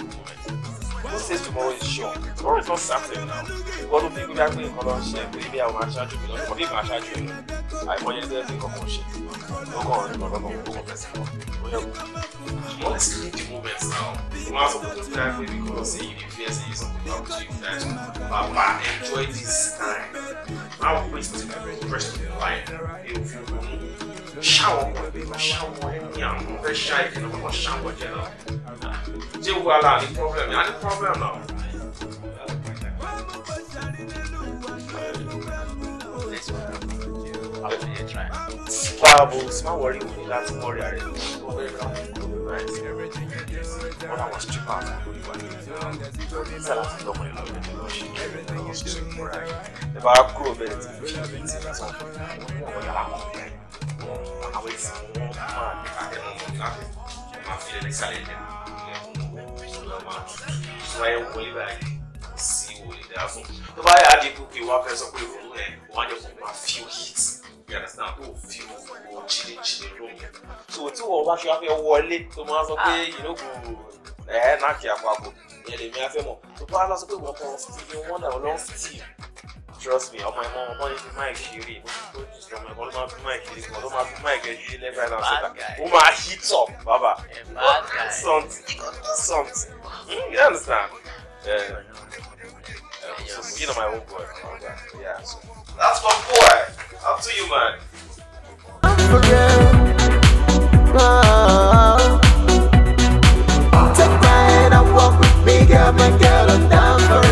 who says tomorrow is sure tomorrow is not certain now ìwọ́n ló fi gbígbá pé nǹkan lọ ṣe pé bí àwọn aṣáájú mi lọ́dún kọ́bí ìmọ̀ aṣáájú mi àìmọye ẹgbẹ́ fi kọ̀ọ̀kan ṣe lọ́kọ̀ ìrọ̀lọ́kọ̀ òkú fẹsẹ̀ lọ the moment now wọ́n á to pé tó dáa pé nǹkan lọ sí ìdí fi ẹsẹ̀ yìí sọ̀tún to you guys bàbá enjoy this time now wait till my very first life ṣáwọn ọmọ ẹbí máa ṣáwọn ẹni àwọn fẹ́ ṣá ìdí náà wọ́n ṣáwọn jẹ náà tí wọ́n ala ní problem yẹn á ní problem náà. Báwo sì máa wọrí òní láti wọrí ààrẹ tó ń bẹ̀rẹ̀ ká wọ́n àwọn stripper àwọn olùwà ní sálà tí lọ́mọ ìlú ọ̀gbìn ló ṣe kẹ́rẹ́ náà wọ́n sì tún múra ẹ̀ bá kúrò bẹ́ẹ̀ tí ìlú ṣe bí ti rà sọ́kùnrin àwọn ọ̀yà àwọn ọ̀gbìn àwọn èsì wọn máa ká ẹnu wọn lábẹ́ máa fi lẹ́lẹ́ sálẹ̀ lẹ́nu ìyẹn wọn máa tutù wọn ẹ wọlé báyìí sí wòlé dáa fún tó bá yà á di pé wọn fẹ́ sọ pé ìrònú ẹ wọn á jẹ kó máa feel heat you understand tó feel owó chile-chile room so tí wọn bá ṣe wá fẹ́ wọlé tó máa sọ pé ìlógun ẹ̀ẹ́ náà kì í àpapọ̀ ìyẹn lèmi á fẹ́ mọ̀ tó bá lọ sọ pé wọn kàn ń steve wọn náà lọ ń trust me ọmọ ẹmọ ọmọ ní fi máì ṣeré mo ti tó jìjì ọmọ ẹmọ ló máa fi máì ṣeré kan ló máa fi máì gẹ ṣeré lẹ́fà náà sọ́dà ó máa hit up bàbá something something you understand. Yeah. Um, so, you know my own boy. Yeah, so. That's my boy. Up to you, man. I'm for real. Take my hand and walk with me, girl, my girl, I'm down for real.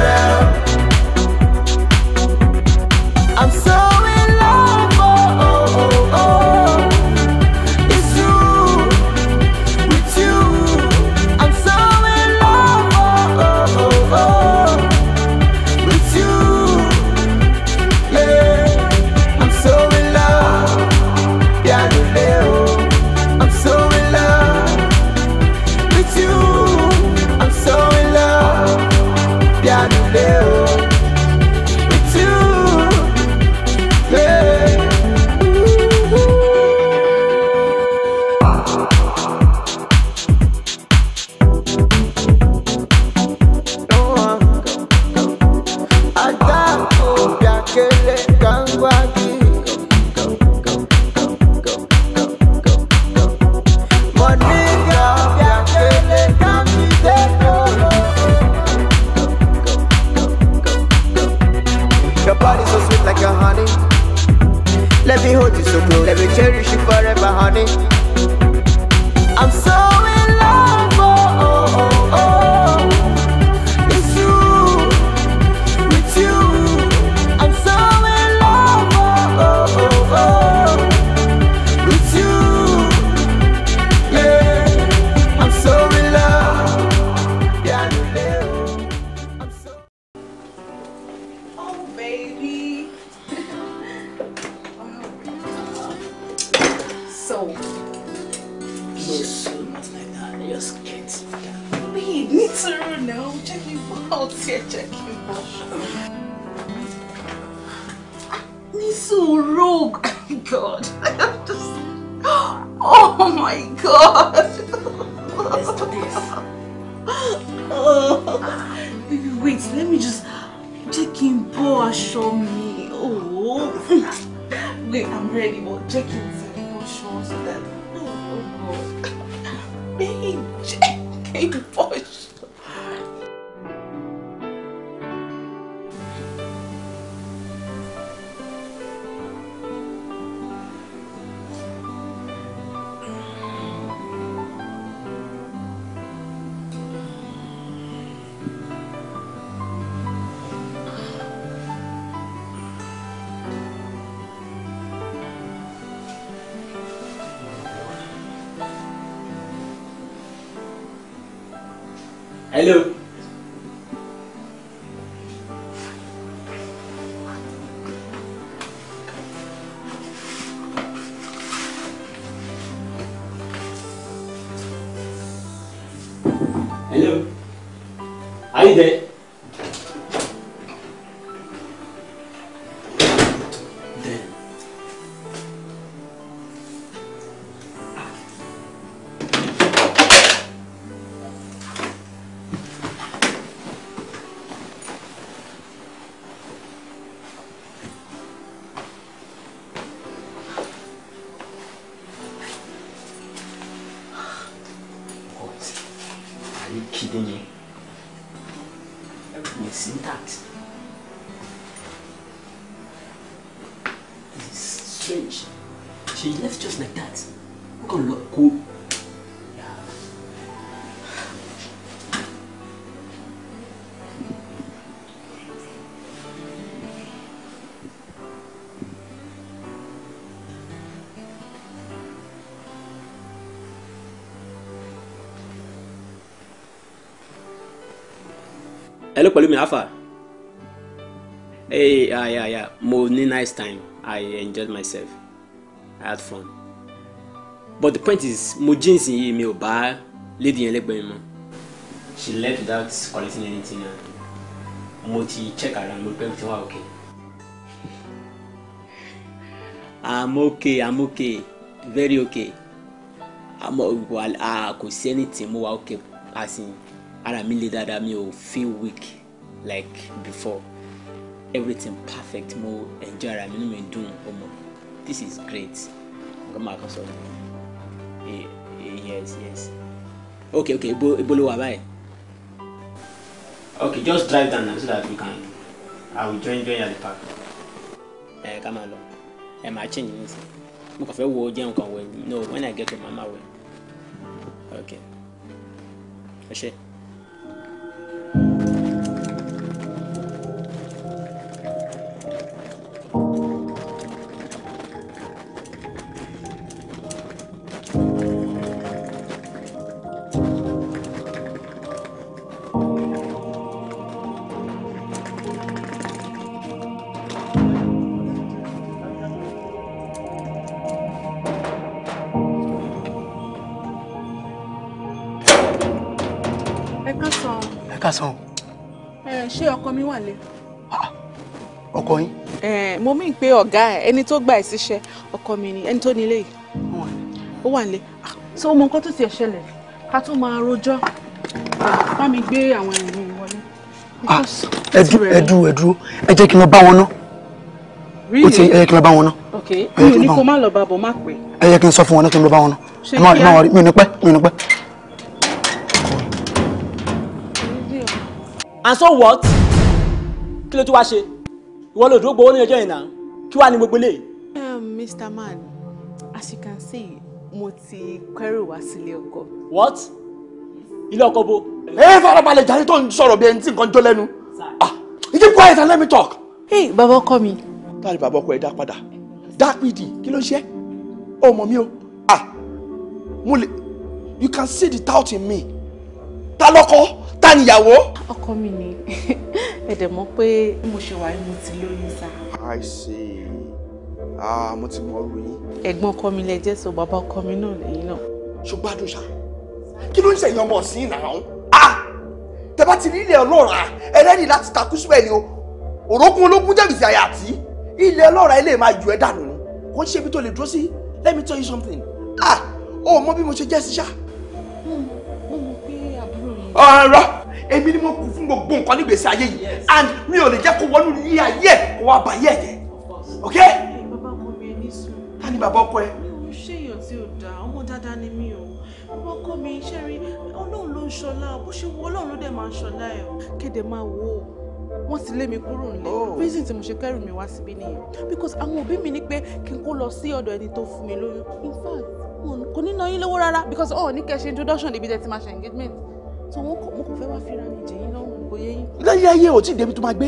already, but check it to the note shows that ẹ ló pẹ̀lú mi afa hey yeah, yeah, yeah. mo ní nice time I enjoyed myself I had fun but the point is mo jeans yìí mi ò bá lady yẹn lẹ́gbẹ̀ẹ́ mi mọ́ she left without collecting anything and mo ti check around mo pẹ́ mi ti wá okay. I'm okay I'm okay very okay àmọ́ ah, kò sí anything mo wà okay as in ara mi le dáadáa mi ò feel weak like before everything perfect mo enjoy ara mi inú mi dùn ọmọ this is great nǹkan máa kàn sọ e, e, yes yes Okay, okay. ibo ló wà báyìí. ok just drive down now so that we can i will join join you at the park. ẹ ká máa lọ ẹ máa change nísìnyí mo kàn fẹ́ wo jẹun kan wẹ̀ no when i get home i ma wẹ̀ ok ẹ ṣe. Okay. ṣé ọkọ mi wà lé. ọkọ yín. mo mí pé ọ̀gá ẹ̀ ẹni tó gbà ẹ̀ síṣẹ́ ọkọ mi ni ẹni tó nílé yìí. ó wà lé. ṣé o mọ nǹkan tó ti ẹ̀ ṣẹlẹ̀ ká tó máa rojọ́ bá mi gbé àwọn ẹ̀rù mi wọlé. Ah, ẹ dúró ẹ dúró ẹ dúró ẹ jẹ́ kí n lọ bá wọn ná. rí i ẹ jẹ́ kí n lọ bá wọn ná. ok mi ò ní kó má lọ bá bọ̀ má pè. ẹ jẹ́ kí n sọ fún wọn ná kí n lọ bá wọn ná. ṣé kí á mi ò ní pẹ́ mi ò ní pẹ́. and so what kí ló tún wá ṣe ìwọ ló dúró gbowó ní ọjọ́ ìná kí wàá ní gbogbo lè. Um, Mr. Man as you can see mo ti kẹ́rù wá sílé ọkọ. what ilé ọkọ bo. ẹ farabalẹ̀ jàre tó ń sọ̀rọ̀ bí ẹni tí nǹkan jó lẹ́nu ah you keep quiet and let me talk. hey bàbá ọkọ mi. táàrí bàbá ọkọ ẹ dá padà dá pìdì kí ló ń ṣe ọ mi o ah mo lè you can see the doubt in me ta lọkọ ta níyàwó. ọkọ mi ni ẹ dẹ̀ pé mo ṣe wà ní mo ti lóyún sá. I see ah mo ti mọ ọrú yín. ẹ̀gbọ́n ọkọ mi lẹ jẹ́ so bàbá ọkọ mi náà lẹ́yìn náà. ṣùgbọ́n àdùsá kí ló ń ṣèyàn ọmọ sí ìnáwó ah! tẹ́bá ti rí ilẹ̀ ọlọ́ra ah, ẹlẹ́ni láti takú síbẹ̀ ni o òrókùn ológun jẹ̀bìsì àyà àti ilẹ̀ ọlọ́ra ilé máa ju ẹ́ dànù kò ń ṣe ibi tó lè dúró sí let me tell you something ah o mọ bí mo ṣe jẹ́ sí ṣá ọ̀rọ̀ èmi ni mo kù fún gbogbo nǹkan nígbèsí ayé yìí and mi ò lè jẹ́ kó wọnú ilé ayé kó wá bá ayé ẹ̀jẹ̀ ok. ta ni bàbá ọkọ ẹ. mi ò ṣe èèyàn tí ò dáa ọmọ dáadáa ni mi o bàbá ọkọ mi ṣe rí ọlọ́run ló ń ṣọlá bó ṣe wọ ọlọ́run ló dẹ̀ máa ń ṣọlá ẹ̀ kéde máa wò ó wọ́n ti lé mi kúrò nílé oh. reason tí mo ṣe kẹ́rù mi wá síbí nìyẹn because àwọn òbí mi ní pé kí n kó lọ sí ọ̀dọ̀ ẹni tó fún mi lóyún in fact kò ní ná yín lówó rárá because ọ̀ọ́ ní kẹ́ ṣe introduction níbi tẹ́ ti máa ṣe engagement so mo kò mo kò fẹ́ wá fira mi jẹ yín lọ́rùn kò yé yín. lẹ́yìn ayé ò tí ì débi tó máa gbé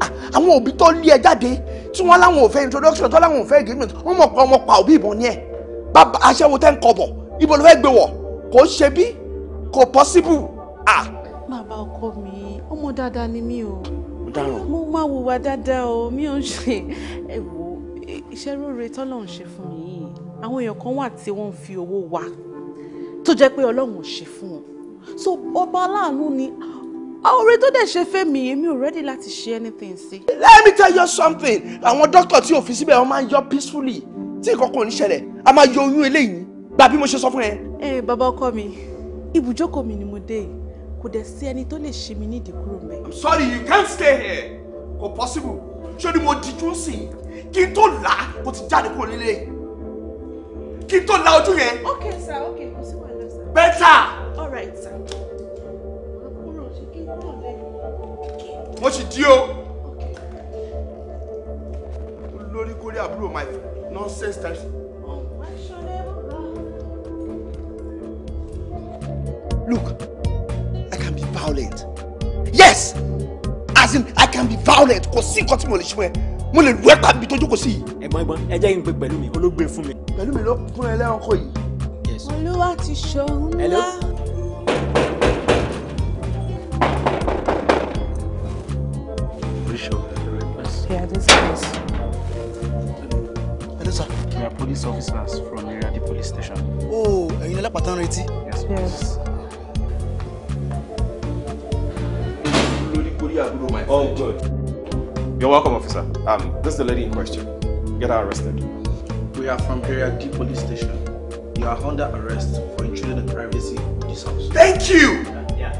ah, àwọn òbí tó lé ẹ jáde tí wọ́n láwọn ò fẹ́ introduction tó láwọn ò fẹ́ agreement wọ́n mọ̀ pé ọmọ pa òbí ìbọn ni ẹ̀ bàbá aṣẹ́wó tẹ́ ń kọ̀bọ̀ ibo ló fẹ́ gbé wọ̀ kò ṣe bí kò possible. Ah. bàbá ọkọ mi ọmọ dáadáa ni mí o mo máa wùwà dáadáa o mi ò ń ṣe ẹ wo iṣẹ́ rere tọ́lọ́run ṣe fún mi yìí àwọn èèyàn kan wà tí wọ́n ń fi owó wá tó jẹ́ pé ọlọ́run ò ṣe fún wọn so ọba aláàánú ni oore tó dẹ̀ ṣe fẹ́ mi èmi ò ready láti ṣe anything sí. let me tell you something àwọn dókítà tí òfin síbẹ̀ wọ́n máa ń yọ peacefully tí nǹkan kan ò ní ṣẹlẹ̀ a máa yọ oyún eléyìí gba bí mo ṣe sọ fún ẹ. ẹ bàbá ọkọ mi ibùjókòó mi ni mo dé yìí kò dẹ̀ sí ẹni tó lè ṣe mi nídìí kúrò mẹ́. i'm sorry you can't stay here kò possible ṣé ni mo dijú sí i kí n tó là á kó ti jáde kúrò nílé kí n tó là ojú yẹn. okay sir okay kò sí wàhálà better. all right sir. mo sì di o. lórí kórè àbúrò my nonsense type. Look, I can be violent. Yes! As in, I can be violent. Kò sí nǹkan tí mo lè ṣe fún ẹ. Mo lè lu ẹ́ pàbí tójú kò sí yìí. Ẹ̀gbọ́n ẹ̀gbọ́n ẹ jẹ́ kí n pe pẹ̀lú mi, olóògbé fún mi. Pẹ̀lú mi ló kún ẹ sùn. olúwa ti ṣòun ńlá. Hello, sir. We are police officers from Iriadi police station. Oh, are ẹ̀yin ọlọ́pàá tán retí. Yes. Yes. Oh, good. You're welcome, officer. Um, this is the lady in question. Get her arrested. We are from Area D police station you are under arrest for intruding the privacy of this house. Thank you!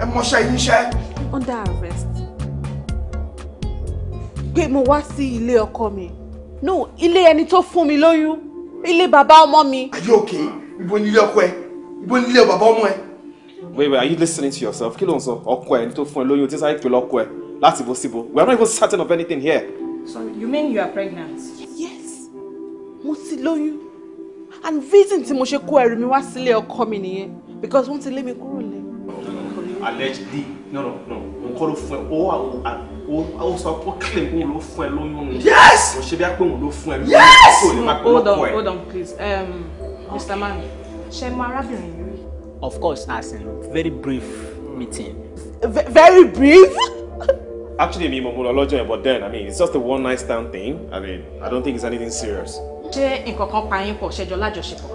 Ẹ mọ ṣe Under arrest. Gbé mo ile sí ilé No, ile ẹni tó fún mi lóyún. Ilé bàbá ọmọ Are you okay? Ibo ni ilé ọkọ ẹ? Ibo ni ilé bàbá ọmọ Wait, wait, are you listening to yourself? Kí ló ń sọ? Ọkọ ẹ ẹni tó fún ẹ lóyún, tí sáré We are not even certain of anything here. So you mean you are pregnant? Yes, mo ti and reason tí mo ṣe kó ẹrù mi wá sílé ọkọ mi nìyẹn because wọ́n ti lé mi kúrò lé. allegedly no no no n kọ́ ló fún ẹ ó wà ó sọ pé claim kó ló fún ẹ lóyún ni. yes mo ṣe bí apé òun ló fún ẹ yes hold on hold on please um, Mr. Man ṣe mọ arábìnrin yìí. of course as in very brief meeting. very brief. actually mi mo mo lọ lọ́jọ́ yẹn but then i mean it's just a one night stand thing i mean i don't think it's anything serious ṣé nǹkan kan pa yín pọ̀ ṣẹjọ lájọṣepọ̀.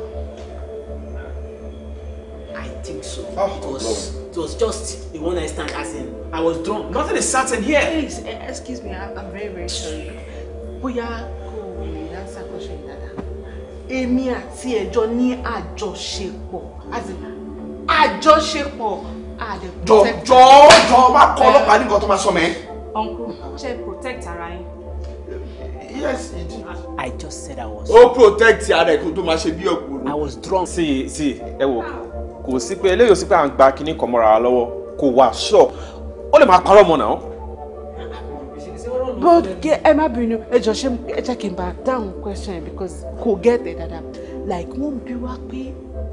I think so. Oh, it was it was just the one I stand as in I was drunk. Nothing is certain here. Please eh, excuse me I'm, very very sorry. Bóyá kò lè answer question dada. Èmi àti ẹ̀jọ́ ní àjọṣepọ̀ àjọṣepọ̀ Jọ̀jọ̀ jọ̀ máa kọ́ ọlọ́pàá ní tó máa sọ mẹ́. Uncle, ṣe protect ara yín. Yes, he did. I just said I was. Oh, protect ara ẹ̀ kó tó máa ṣe bí ọ̀gbọ́n. I was drunk. See, see, ẹ wò kò sí yo eléyìí ò sí pé à ń gba kinní kan mọ́ra lọ́wọ́ kò wà sure ó But ẹ má bínú ẹ jọ ṣe ẹ jẹ́ kí n bá question because kò get ẹ̀ dáadáa like wọ́n bí wá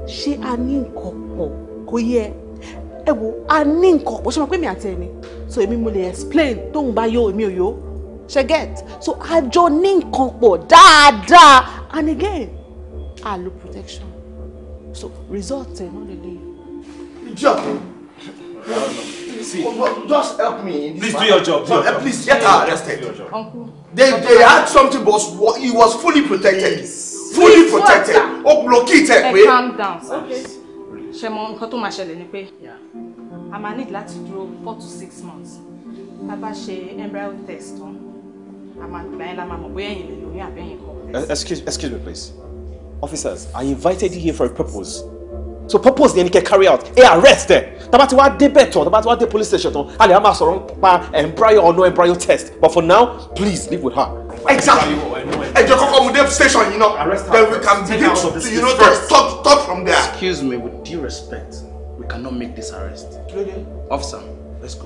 she ṣé a ní nǹkan pọ̀ kò yẹ ẹ wo a ní nǹkan mi ateni. so emi mo le explain Don't buy yo èmi yo ṣe get so àjọ ní nǹkan pọ̀ dáadáa and again I àlò protection so result ẹ̀ náà lè lè. ìjọ just help me please eh, do your job no, your please job. get her arrested Uncle. they they had something but he was fully protected yes. fully please, protected o blockade ẹ pé. calm down sir ṣe mọ nǹkan tó máa ṣẹlẹ̀ ni pé a máa need láti dúró four to six months tá a bá ṣe embryo test tán. Eh, excuse, excuse me, please. Officers, I invited you here for a purpose. So purpose then you can carry out ẹ arrest ẹ tàbá ti wá dé bẹ́ẹ̀ tán tàbá ti police station tán a lè máa sọ̀rọ̀ nípa eh, embryo or no embryo test but for now please live with her. exactly ẹ jẹ́ kọ́kọ́ mu dé station yìí náà then we can begin to you know just talk talk from there. excuse me with due respect we cannot make this arrest. officer let's go.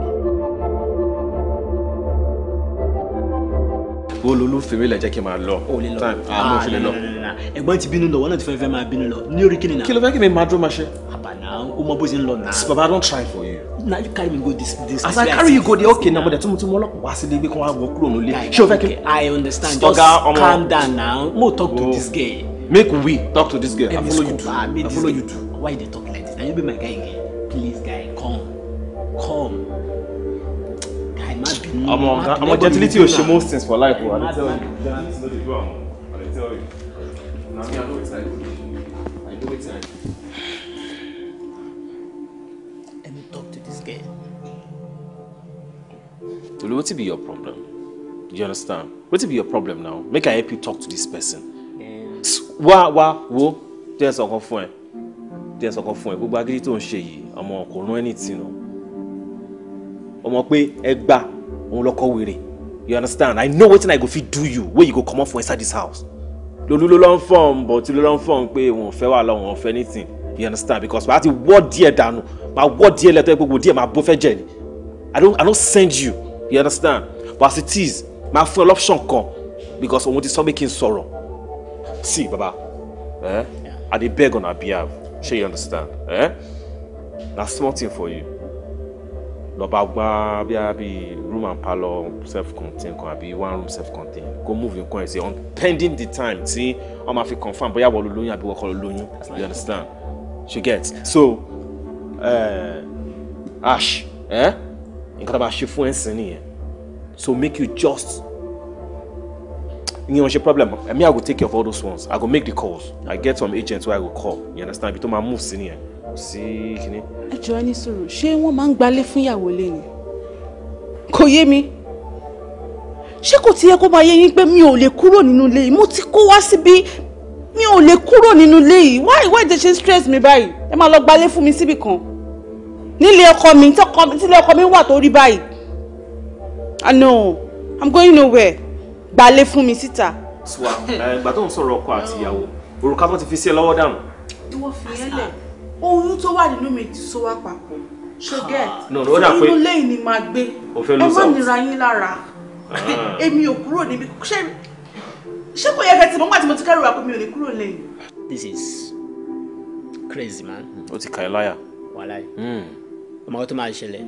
olólùfẹ́ mi lẹ̀ jẹ́ kí n máa lọ. o lè lọ àmọ́ ah, ah, ti bínú lọ wọn náà ti fẹ́ fẹ́ máa bínú lọ ní orí kìnìún. kí ló fẹ́ kí mi máa dúró máa ṣe. àbànà o mọ bó ṣe ń lọ náà. baba i don try for you. na you carry me go this this. as i carry you go there okay na mo dẹ̀ tún mo tún mọ́ ọlọ́pàá wá sílé gbé kí wọ́n wọ kúrò nílé. ṣé o fẹ́ kí. i understand just calm down now mo talk to this girl. make we talk to this girl i follow you do i follow you do. why you dey talk like this na you be my guy again please guy come come. I'm ọmọ gentility ò ṣe most things for life o i tell you gentility no dey do am o i tell you na me i i do i let me talk to this girl. Tolu, wetin be your problem? You understand? Wetin be your problem now? Make I help you talk to this person. Wá wá wo, díẹ̀ sọ̀kan fún ẹ, díẹ̀ sọ̀kan fún ẹ, gbogbo agídí tó ń ṣe yìí, ọmọ kò rún anything o ọmọ pé ẹ gbà òun lọkọ wèrè you understand i know wetin i go fit do you wey you go comot for inside this house lolu ló lọ ń fọ̀n bọ̀ tí ló lọ ń fọ̀n pé òun ò fẹ́ wà lọ́wọ́ òun ò anything you understand because wàá ti wọ́ díẹ̀ dànù màá wọ́ díẹ̀ lẹ́tọ́ gbogbo díẹ̀ màá bó fẹ́ jẹ ni i don i don send you you understand but as it is màá fún ẹ option kan because òun ti sọ pé kí n sọ̀rọ̀ see baba eh? i dey beg on her behalf shey you understand eh? na small thing for you lọ́ba gbá bí a bí room and parlour self-contained kan àbí one room self-contained Go move nǹkan ẹ̀ sí pending the time tí wọ́n máa fi confam bóyá wọ́n lo lóyún àbí wọ́n lóyún you understand she get so uh, ash eh? nǹkan tó bá ṣe fún ẹ̀sìn nìyẹn so make you just ìyẹn ò ṣe problem I mean I go take care of all those ones I go make the calls I get some agents wey I go call you understand ibi tó máa move sí nìyẹn kò sí kinní. ẹ jọ ẹ ní sùúrù ṣé wọ́n máa ń gbalé fún ìyàwó ilé ni kò yé mi ṣé kò ti yẹ kó máa yé yín pé mi ò lè kúrò nínú ilé yìí mo ti kó wá síbi mi ò lè kúrò nínú ilé yìí why why dey ṣe stress me báyìí ẹ máa lọ gbalé fún mi síbì kan nílé ọkọ mi tílé ọkọ mi wà tó rí báyìí i know i'm going nowhere gbalé fún mi síta. ìgbà tó ń sọ̀rọ̀ ọkọ àti ìyàwó òrùka tó ti fi sí ẹ lọ́wọ́ dànù. ìwọ fi oyún tó wà nínú mi ti so wá papọ̀ ṣogẹ́ tí inú lẹ́yìn ni máa gbé ẹ nira yín lára ah. èmi ò kúrò níbi ṣé ṣé kò yẹ kẹtì mọ́gbà tí mo ti kẹ́rù wá pé mi ò ní kúrò lẹ́yìn. this is crazy man. ó ti kà ẹ́ láyà. wàhálà yìí ọmọ hmm. tó máa ṣẹlẹ̀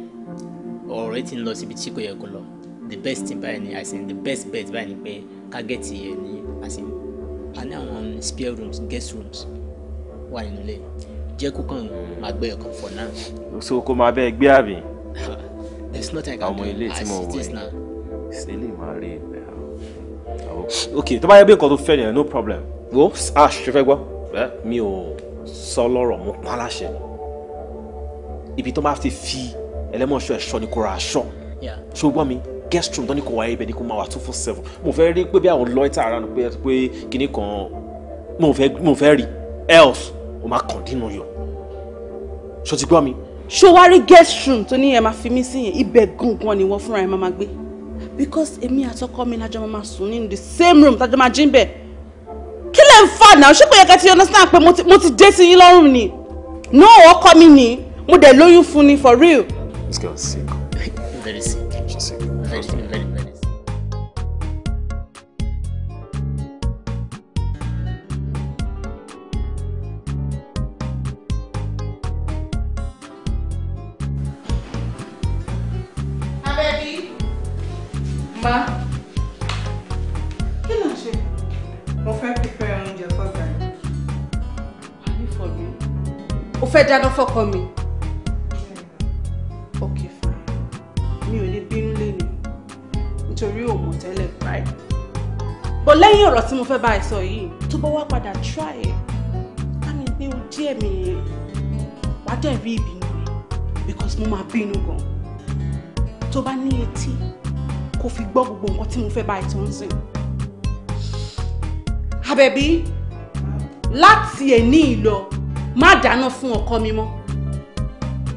ọ̀rọ̀ yìí ti ń lọ síbi tí kò yẹ kó lọ the best thing báyìí ni as in the best bet báyìí ni pé kágẹ́tì ẹ̀ ní as in a ní àwọn spare rooms guest rooms wà nínú lẹ́yìn jẹ́ kó kàn máa gbé ọkàn for now. so kó máa bẹ́ẹ̀ gbé àbí. Ah, there's nothing I can do as it is now. sílẹ̀ máa rí ibẹ̀ àwọn. ok tó bá yẹ bí nǹkan tó no problem. wo ash ṣe fẹ́ gbọ́ eh, mi ò sọ lọ́rọ̀ mo pa láṣẹ ibi tó máa fi fi ẹlẹ́mọ̀ọ́ṣọ́ ẹ̀ṣọ́ ni kò ra aṣọ ṣùgbọ́n mi guest room tó ní kò wáyé ibẹ̀ ni kò máa wà two four seven mo fẹ́ rí pé bí àwọn lọ́ọ̀tà ara nù pé kíní kan mo fẹ́ rí else o máa kàn dínú yọ ṣó ti gbọ́ mi. ṣòwárí guest room tó ní ẹ máa fi mí sí yẹn ibẹ̀ gangan ni wọ́n fúnra ẹ máa máa gbé because èmi àtọkọ mi lájọ máa máa sun nínú the same room tájọ máa jí ń Be kí lè ń fà náà ṣé kò yẹ ti understand pé mo ti dé sí yín lọ́rùn ni no ọkọ mi ni mo dẹ̀ lóyún fún ni for real. this girl is sick. very sick. she's sick. very very very sick. dáná fọ́kọ mi. ok fine mi ò ní bínú léni nítorí òmò tẹ́lẹ̀ right. but lẹ́yìn ọ̀rọ̀ tí mo fẹ́ bá ẹ sọ yìí tó bá wá padà try ẹ̀ bá mi gbé ojú ẹ̀mí yẹn wá dẹ̀ rí ìbínú rẹ̀ because mo máa bínú gan tó bá ní etí kó fi gbọ́ gbogbo nǹkan tí mo fẹ́ bá ẹ tó ń sìn. àbẹ̀bí láti ẹ̀ ní ìlọ má dáná fún ọkọ mi mọ́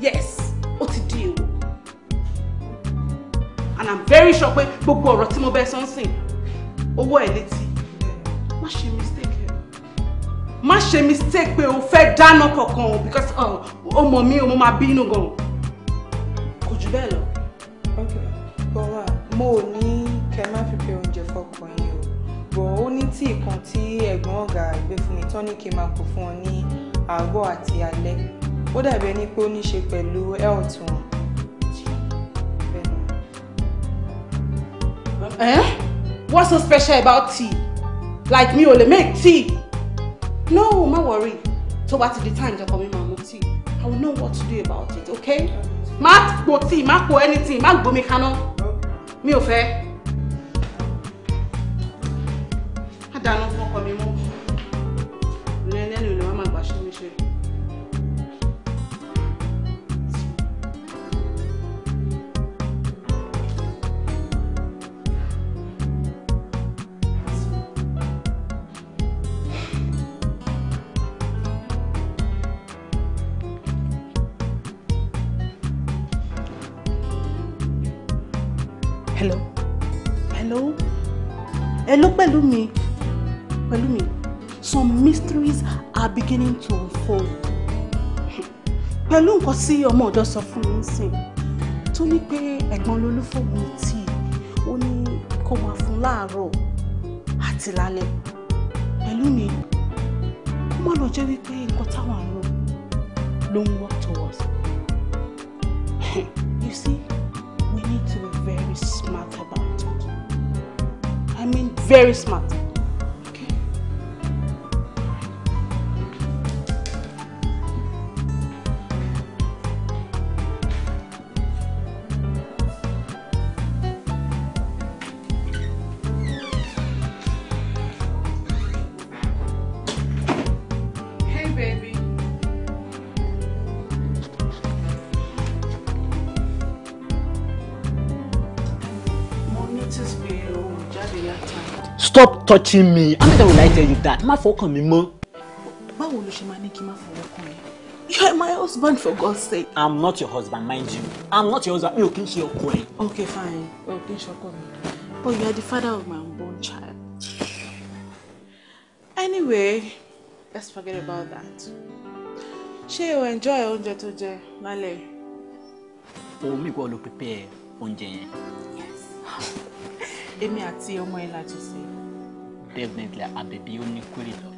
yes ó ti di èèwọ̀ and i'm very sure pé gbogbo ọ̀rọ̀ tí mo bẹ sọ ń sìn owó ẹ̀ létí má ṣe mistake ẹ̀ má ṣe mistake pé o fẹ́ dáná kankan o because oh, ọmọ mi ò mo máa bínú gan kò jù bẹ́ẹ̀ lọ. bọ́wá uh, mo ò ní kẹ́ má fi pe oúnjẹ fọkàn yín o bọ̀ ó ní tí ìkan tí ẹ̀gbọ́n ọ̀gá gbé fún mi tán ní kí n máa kó fún ọ ní àárọ̀ àti alẹ́ ó dàbí ẹni pé ó ní ṣe pẹ̀lú health wọn. Eh? What's so special about tea? Like me, ò lè make tea. No, ma worry. Tó bá ti di time jọkọ mi máa mu tea. I will know what to do about it, okay? Má po tea, má po anything, má gbomi kaná. Mi ò fẹ́. Má dáná fún ọkọ mi mọ́. Lẹ́lẹ́nu lọ. pẹ̀lú mi pẹ̀lú mi some mysteries are beginning to unfold pẹ̀lú nǹkan tí ọmọ ọ̀dọ́ sọ fún mi sìn tó ní pé ẹ̀gbọ́n lolúfòmù tí ó ní kó wá fún láàárọ̀ àti lálẹ́ pẹ̀lú mi kó má lọ jẹ́ wípé nǹkan táwọn àrùn ló ń work towards you see we need to be very smart stop touching me how many times will I tell you that má fọkàn mi mọ́. báwo ló ṣe máa ní kí n má fọwọ́ kàn yín you are my husband for God's sake. I'm not your husband mind you I'm not your husband mi ò kí n ṣe ọkọ ẹ. okay fine o kì í ṣọkọ mi but you are the father of my unborn child. anyway let's forget about that. ṣé o enjoy oúnjẹ tó jẹ lálẹ́. òun mi kọ́ ló prepare oúnjẹ yẹn. yes èmi àti ọmọ ẹ̀ la jọ sí i. Definitely, Abebi ò ní query lọ.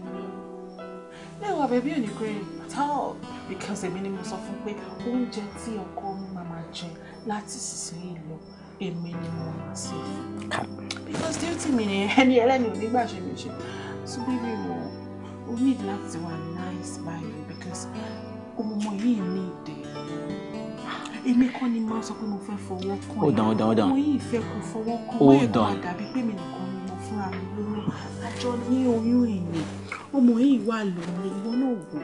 No, Abebi ò ní query at all. Because the ni mo sọ fún pé oúnjẹ tí ọkọ mama máa That's jẹ láti sísìn lọ èmi ni Because duty mi ni ẹni ẹlẹ́ni ò nígbà ṣe mi ṣe. So baby we o need láti wà nice báyìí because we yìí ní ìdè èmi kọ́ ni máa sọ pé mo fẹ́ fọwọ́ kàn yín mo yìí fẹ́ kó fọwọ́ kàn fúnra mi lóyún àjọ ní oyún èèyàn ọmọ yìí wà lóyún ìwọ náà wò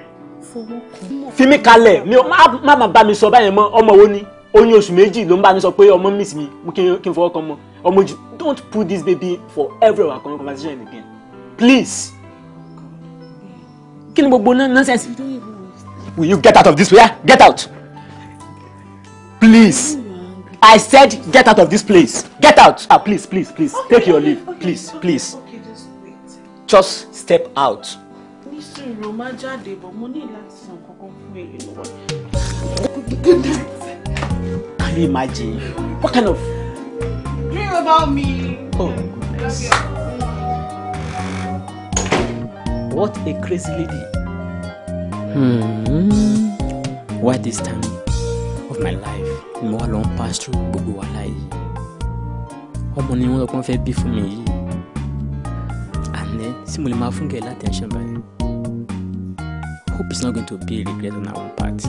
fọwọ́ kan. fi mí kalẹ̀ mi má má bá mi sọ báyẹn mọ́ ọmọ wo ni oyún oṣù méjì ló ń bá mi sọ pé ọmọ miss mi kí n fọwọ́ kan mọ́ ọmọ jù don't put this baby for every our conversation again please kí ni gbogbo nonsense will you get out of this way get out please. I said get out of this place. Get out. Ah, please, please, please. Okay, Take your leave. Okay, please, okay, please. Okay, just wait. Just step out. Nísìnyí, má Can you imagine? What kind of... Dream about me. Oh, goodness. What a crazy lady. Hmm. What this time of my life? mo wá lọ ń pass through gbogbo wàhálà yìí ọmọ ni wọ́n lọ pọ́n fẹ́ bí fún mi yìí àná tí mo lè máa fún gẹ̀ẹ́ látẹ̀ńṣẹ̀ báyìí hope is not going to be a regret on our part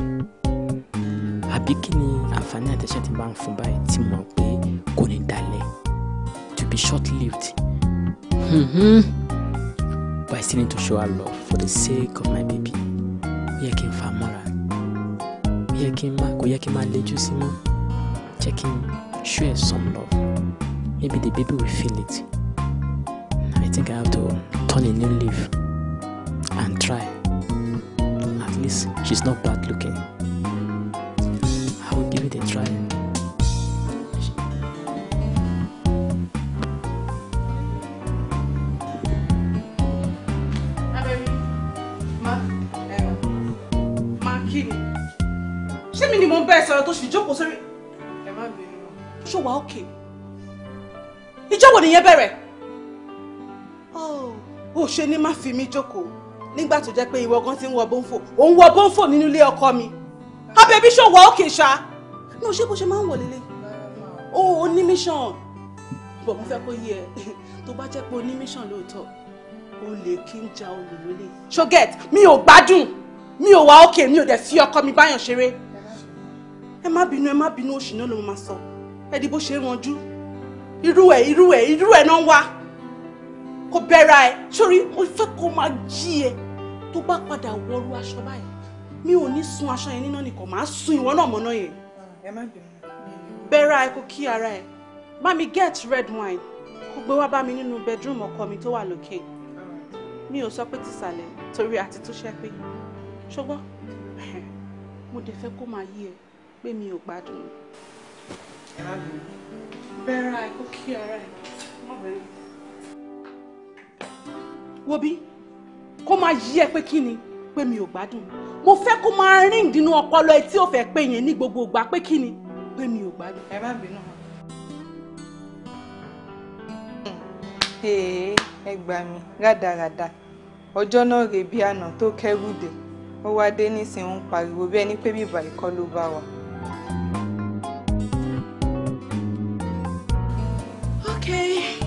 àbí kí ni àǹfààní àtẹ̀ṣẹ́ ti bá ń fún báyìí tí mo pé kò ní dalẹ̀ to be short-lived mm -hmm. by still need to show her love for the sake of my baby yẹ kí n máa kò yẹ kí n máa lejú sí mọ́ jẹ́ kí n show ẹ some love maybe the baby will feel it I think I have to turn a new leaf and try at least she's not bad looking I will give it a try. Joko sórí. ẹ má bẹ̀rẹ̀ o. ṣó wà ókè ìjọ wo nìyẹn oh, ó ṣe ní má fi mí jókòó nígbà tó jẹ́ pé ìwọ gan ti ń wọ bọ́ńfò òun wọ bọ́ńfò nínú ilé ọkọ mi abẹ́bí baby, wà wa ṣá sha. No ṣé bo ṣe máa ń lele. Oh, oni mission bọ̀ mo fẹ́ kó yẹ ẹ tó bá jẹ́ pé o ní mission lóòótọ́ o le kí n ja olùwọlé ṣó get mi o gbádùn mi ò wà ókè mi o dẹ̀ fi ọkọ mi báyàn ṣeré ẹ má bínú ẹ má bínú òṣì náà ló máa sọ ẹ di bó ṣe ranjú irú ẹ irú ẹ irú ẹ náà wá kò bẹ̀rẹ̀ ẹ sórí mo fẹ́ kó máa jí ẹ tó bá padà wọrú aṣọ báyìí mi ò ní sun aṣọ yẹn níná nìkan màá sun ìwọ náà mọ́ná yẹn bẹ̀rẹ̀ ẹ kò kí ara ẹ bá mi get red wine kó gbé wá bá mi nínú bedroom ọkọ mi tó wà lókè mi ò sọ pé tìsàlẹ̀ torí àti tó ṣẹ́ pé ṣùgbọ́n mo dẹ̀ fẹ́ kó máa yí ẹ pé mi ò gbádùn. bẹ́ẹ̀rẹ̀ àìkú kí ara ẹ̀ wo bí kó máa yí ẹ pé kí ni pé mi ò gbádùn mo fẹ́ kó máa rìn nínú ọpọlọ ẹ tí ò fẹ́ pé yẹn ní gbogbo ìgbà pé kí ni pé mi ò gbádùn. ẹ má bínú ma. ẹ gbà mí rádaràda ọjọ́ náà rèé bí àná tó kẹ́rù dé ó wá dé nísìnyí ń pariwo bí ẹni pé bíbá ìkọlù bá wà. Okay.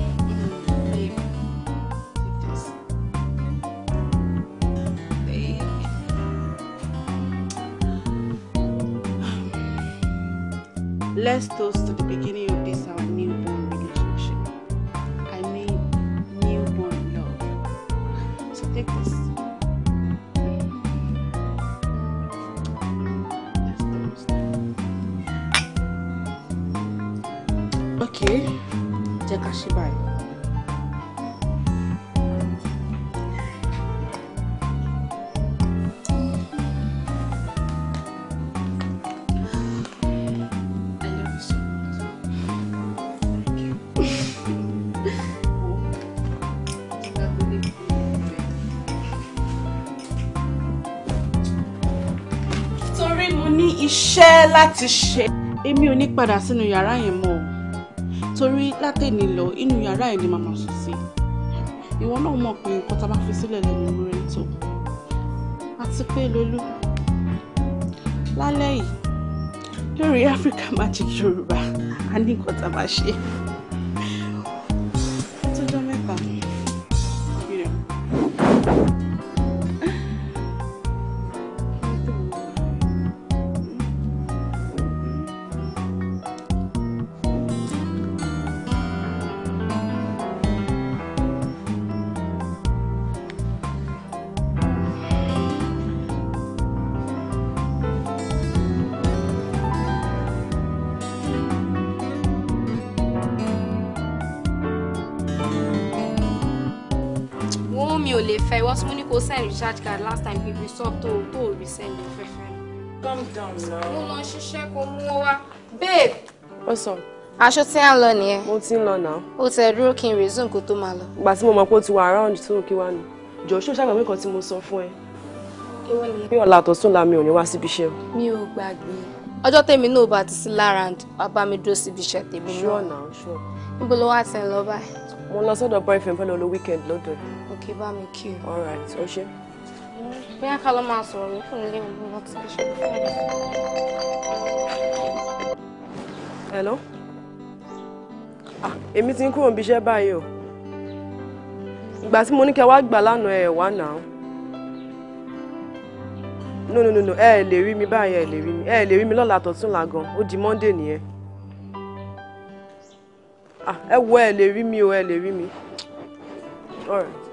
Let's toast to the beginning òkè jẹ́ Sorry, ṣe báyìí. iṣẹ́ láti ṣe. èmi ò ní padà sínú yàrá yẹn mọ́ o torí látẹ̀ni lọ inú yàrá ẹ̀ ni màmá sùn sí ìwọ náà mọ̀ pé nǹkan tá a bá fi sílẹ̀ lẹ́nu orí tó àti pé lolú lálẹ́ yìí lórí Africa Magic Yorùbá a ní nǹkan tá a bá ṣe. recharge card last time bíbí sọ tó tó rí sẹ́yìn fẹ́fẹ́. calm down now. mo lọ ṣiṣẹ́ kó mú ọ wá. babe. ó sọ. aṣọ tí à ń lọ nìyẹn. mo ti ń lọ náà. ó tẹ dúró kí n resume kó tó máa lọ. ìgbà tí mo mọ̀ pé ó ti wà around tó kí wá ni jọ̀ọ́ ṣó ṣàgbàgbé kan tí mo sọ fún ẹ. ìwọ ni. mi ò látọ̀ sún la mi ò ní wá síbi iṣẹ́ o. mi ò gbàgbé ọjọ́ tèmi náà bá ti sí lára bàbá mi dúró síbi iṣẹ́ tèmi náà. sure now sure. níbo ló wá ti ń lọ báyìí. mo lọ sọ́dọ̀ boyfriend fẹ́ lọ lo weekend lọ́dọ̀. okay bá mi kí o. all right ó ṣe. Okay bóyá ká lọ máa sọ̀rọ̀ ní hello ah èmi ti ń on níbi iṣẹ́ báyìí o ìgbà tí mo ní kí ẹ wá gbà lánàá ẹ wá no no no no Eh, lè rí mi báyìí ẹ lè rí mi ẹ lè rí mi lọ́la àtọ̀túnla gan ó di monday nìyẹn ah ẹ wo ẹ lè rí mi o ẹ lè rí mi all right.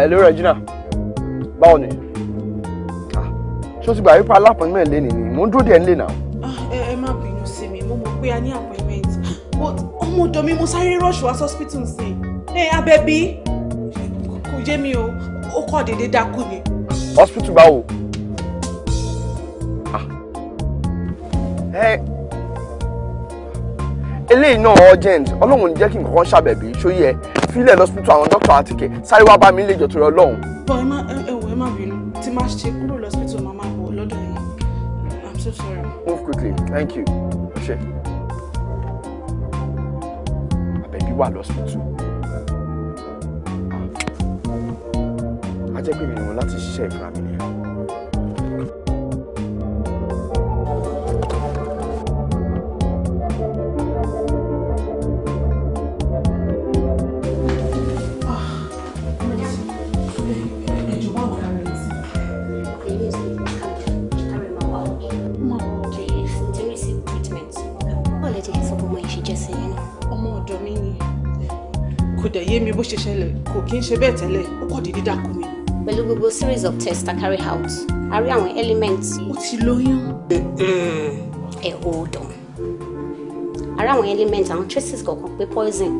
hello Regina báwo ni ṣé ti gbà wípé alápọ̀nmẹ́ lé nìyí mò ń dúró díẹ̀ nílé náà. ẹ má bínú sí mi mo mọ̀ pé a ní appointment ọmọ ọ̀dọ̀ mi mo sáré rush wá hospital sí i ẹ abẹ́bí kò mi o ó kọ́ dákú ni. hospital báwo. eléyìí náà urgent ọlọ́run jẹ́ kí nǹkan ṣàbẹ̀bí ṣó yẹ filẹ̀ lọ́sítítù àwọn dókítà àtìkẹ́ sáré wá bá mi lè torí ọlọ́run. bọ ẹ má ẹwọ ẹ má bínú tí má ṣe kúrò lọ́sítítù máa máa lọ́dọ̀ yìí i'm so sorry. move quickly thank you ṣe àbẹ̀bí wà lọ́sítítù. a jẹ́ pé mi ni mo láti ṣiṣẹ́ ìfúnra mi nìyẹn. kì í ṣe bẹ́ẹ̀ tẹ́lẹ̀ ó kọ̀ dídí dákú mi. pẹ̀lú gbogbo series of tests I carry out a rí àwọn elements. ó ti lóyún. ẹ hold on ara àwọn elements àwọn traces kọ̀ọ̀kan pé poison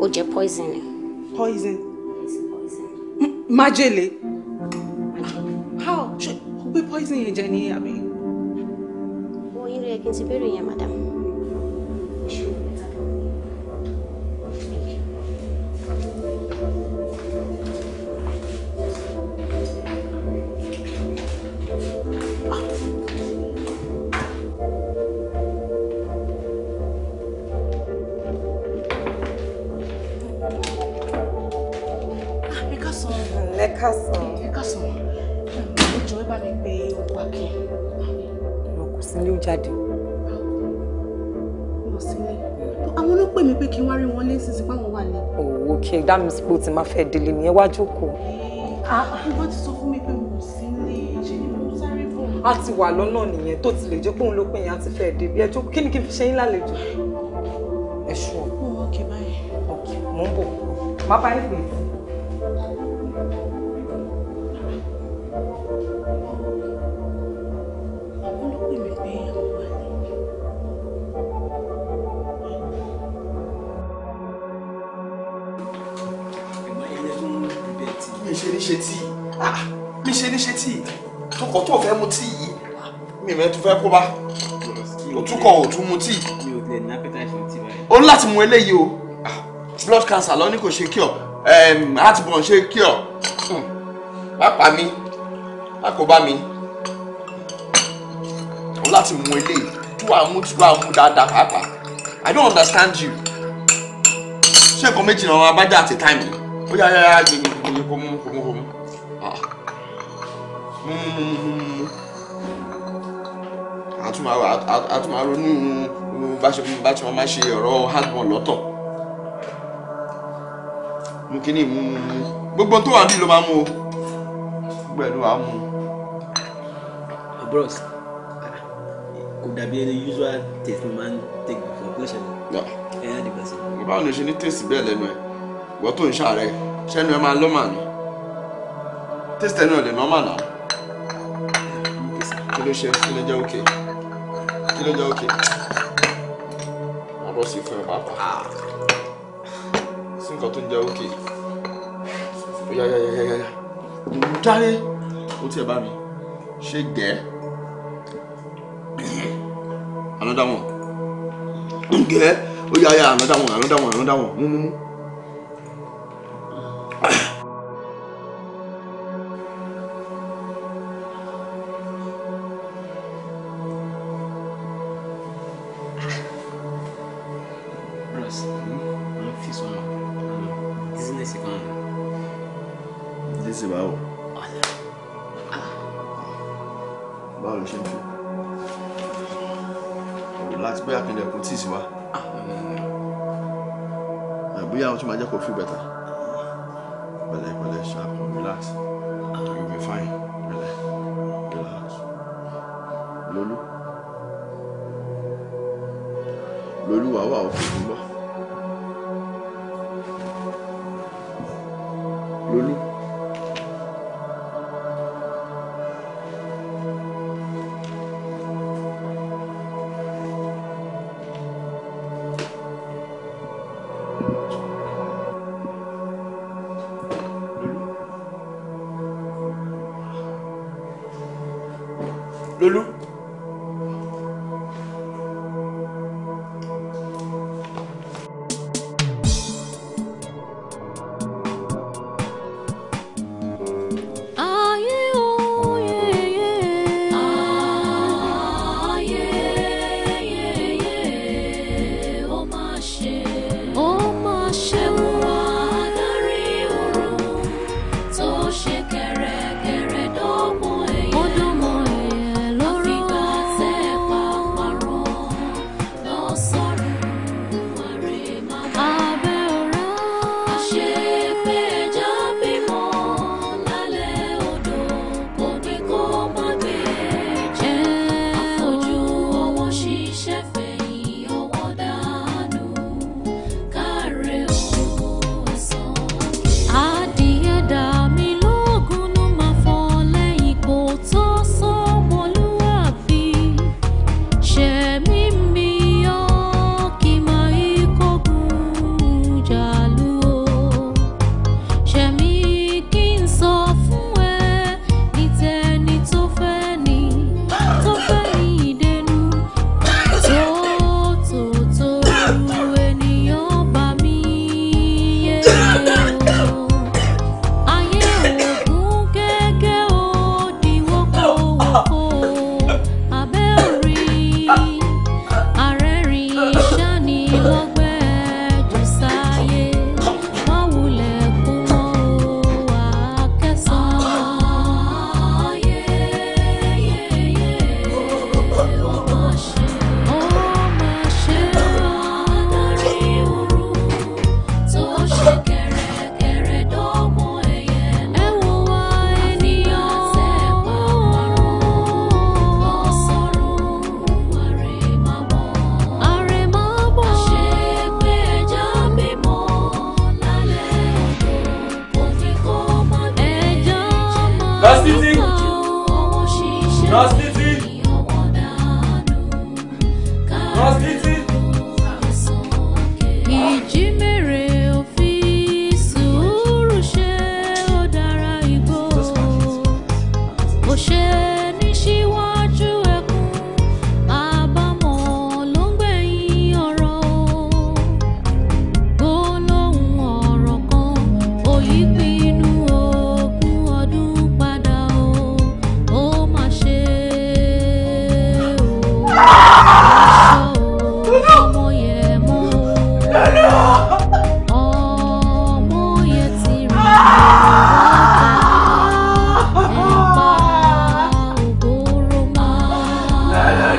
ó jẹ́ poison poison májèlé how ṣe ó pé poison yẹn jẹ ní àbí. wọ́n yín ló yẹ kí n ti bẹ̀rẹ̀ yẹn madam. dá mi sípò tí máa fẹ́ délé nìyẹn wá jókòó. ìwọ ah, ti sọ fún mi pé mo sì ní ṣe ni mo sáré bọ̀. a ti wà lọ́nà nìyẹn tó ti lè jẹ́ pé òun ló pè yẹn a fẹ́ dé bí ẹjọ́ kí ni kí n fi ṣe yín lálejò. ẹ ṣùọ́. mo wọ́n kì báyìí. ọ̀kì mò ń bọ̀ má báyìí bọ̀ tó fẹ́ mu tíì yìí mi ìmọ̀ ẹ fẹ́ kó bá òtúkọ̀ òtún mu tíì. mi ò tíì o ní láti mu eléyìí o blood cancer lọ ní kò ṣe cure heartburn ṣe cure má pa mí má kó bá mi o ní láti mu eléyìí tú àmú tú àmú dáadáa pàápàá i don't understand you ṣé nǹkan méjì náà wọn abájá àti táìmù ó yá yá yá gbìyànjú kò mú kò mú kò mú. Hmm. a tún máa ronú hmm, bá ṣe máa ṣe ọ̀rọ̀ handball lọ́tọ̀ mú kí ni mú gbogbo tó wà ní ló máa mú o gbogbo ẹ̀ ló bros kò dàbí ẹni usual test mo máa ń take before pé ṣẹlẹ̀ ẹ á dìgbà sí. báwo ni o ṣe ní taste bẹ́ẹ̀ lẹ́nu ẹ̀ wọ́n tó ń ṣàárẹ̀ ṣẹ́nu ẹ máa lọ́mà ni taste ẹ̀ náà lè nọ́mà náà kí ló ṣe kí ló jẹ́ òkè kí ló jẹ́ òkè wọ́n bọ́ sí fún ẹ pàápàá sí ah. nǹkan tó ń jẹ́ òkè yá dáre ó tiẹ̀ bá mi ṣe gẹ́ another one gẹ́ ó yá another one another one another one mú mú mú.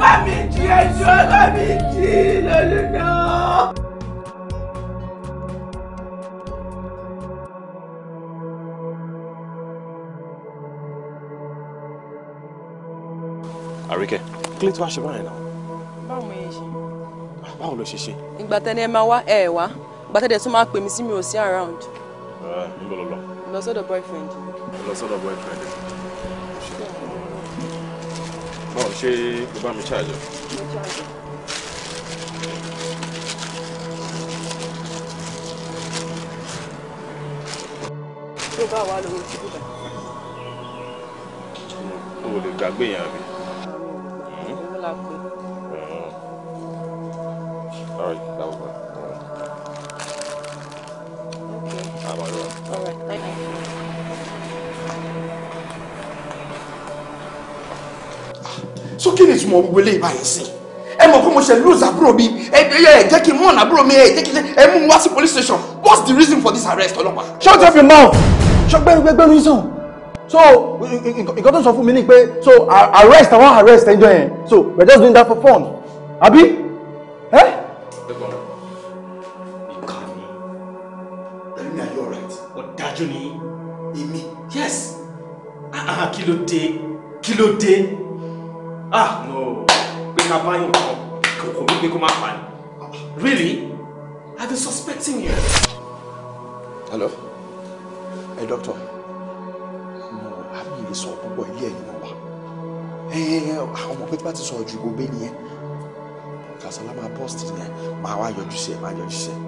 bá mi jí ẹjọ́ ẹ bá mi jí lónìí náà. àríkẹ́ kí ló ti wá ṣe báyìí náà. báwo mo yẹ ṣe. Ah, báwo ló ṣe ṣe. ìgbà tẹ́ni ẹ máa wá ẹ wá ìgbà tẹ́ni ẹ tún máa pè mí sí mi ò sí around. ẹ ń bọ̀ lọ lọ. boyfriend. lọ sọ́dọ̀ boyfriend ọ ṣe kò bá mi ṣáàjọ. tó bá wà lówó tí kò bá. o lè gbàgbé yẹn àbí. Hmm? Hmm? Hmm. All right, that was one. Okay. All right. kí ni ìtumọ̀ gbogbo eléyìí báyìí sí ẹ mọ̀ pé mo ṣe lose àbúrò mi ẹ jẹ́ kí n mọ̀nà àbúrò mi ẹ jẹ́ kí ẹ mú wá sí police station what's the reason for this arrest ọlọ́pàá. shut up your mouth ṣọgbẹ́rúgbẹ́rú yín sàn so nǹkan tó sọ fún mi ni pé so arrest àwọn arrest ẹjọ yẹn so we're just doing that for fun Abi, Eh? ọ̀dájú ni èmi yes ah, ah, kí ló dé kí ló dé ah no we can buy yín kọ kò kò wípé kó má really I've been suspecting you. hello hey, doctor No, mo àbí lè sọ púpọ̀ ilé ẹ̀yìn wọn wá àwọn ọmọ pé bá ti sọ ju gbogbo the kasala máa post nìyẹn máa wá yọjú sí ẹ máa yọjú sí ẹ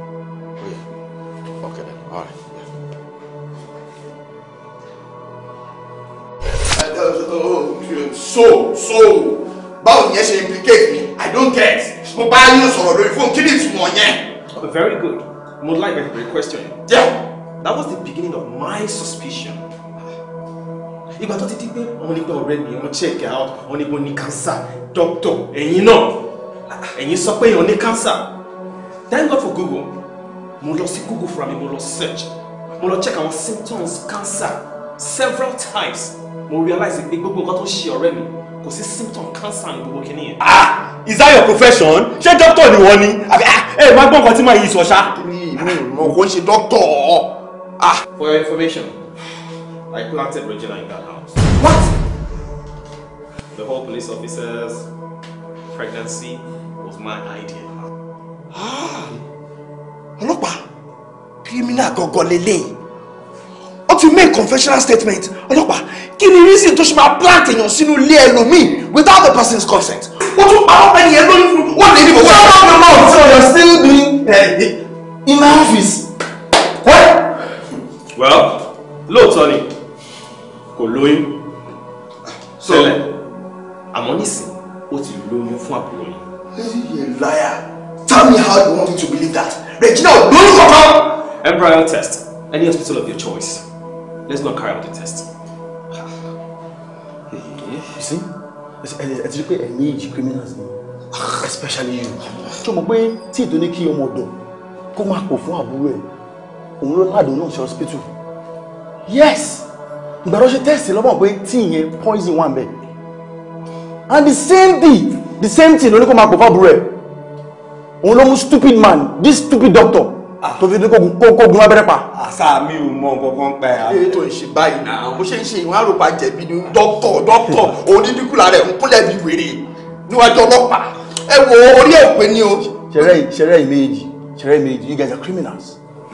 oye okay then all right. Yeah. I don't know film so so báwo ni ẹ ṣe implicate mi i don't get mo bá yín sọ̀rọ̀ lórí fóònù kí ni ìtumọ̀ yẹn. very good mo like a question. Yeah. that was the beginning of my suspicion. ìgbà tó ti di pé wọ́n ní pé ọ̀rẹ́ mi wọ́n check out wọ́n ní pé ó ní cancer doctor ẹ̀yin náà ẹ̀yin sọ pé èèyàn ní cancer thank God for Google mo lọ sí Google fúnra mi mo lọ search mo lọ check àwọn symptoms cancer several times mo realize pé gbogbo nǹkan tó ṣe ọ̀rẹ́ mi kò sí symptom cancer ní gbogbo kìnìyàn. ah is that your profession ṣé doctor ni wọ́n ni àbí ah, ẹ má gbọ́ nǹkan tí màá yí sọ ṣá. mi ò mọ kó ṣe doctor. ah for your information i planted Regina in that house. what. the whole police officer's pregnancy was my idea. Ah, ọlọ́pàá kírímínà gọ́gọ́ lélẹ́yìn. To make confessional statement ọlọ́pàá kí ni reason tó ṣe máa plant èèyàn sínú ilé ẹlòmíì without the person's consent ó tún pa ọ́ ẹni ẹgbẹ́ wọ́n lè ní bọ̀ wọ́n. wọ́n máa ń sọ you're still doing in my office. Hey? well lóòótọ́ ni kò lóyún tẹ́lẹ̀ àmọ́ nísìn ó ti lóyún fún àbúrò yìí. you a liar tell me how you want me to believe that Regina ò lóyún kankan. embryo test any hospital of your choice. Let's not carry out the test. Ah. You see? Ẹ ti rí pé ẹ̀yin criminals Especially you. So o mọ̀ pé tí ìtò ní kí Come back kó máa pò fún àbúrò ẹ̀? Òun ló ládùn náà ṣe hospital. Yes! Ìgbà tó ṣe test lọ́mọ̀ pé tí ìyẹn poison one ńbẹ̀. And the same thing, the same thing Only come back máa pò fún àbúrò stupid man, this stupid doctor. Ah, tó fi ní kókógun abẹ́rẹ́ pa. àṣà mi ò mọ kankan pẹ́ a. ètò ìṣe báyìí náà mo ṣe ń ṣe ìwọ̀n àròpá jẹ̀bi ni dókítọ̀ dókítọ̀ onídìkúlà rẹ̀ ń kúnlẹ̀ bí wèrè níwájú ọlọ́pàá ẹ wo orí ẹ̀ pé ní o. ṣẹrẹ ṣẹrẹ ìméjì ṣẹrẹ ìméjì you guys are criminals.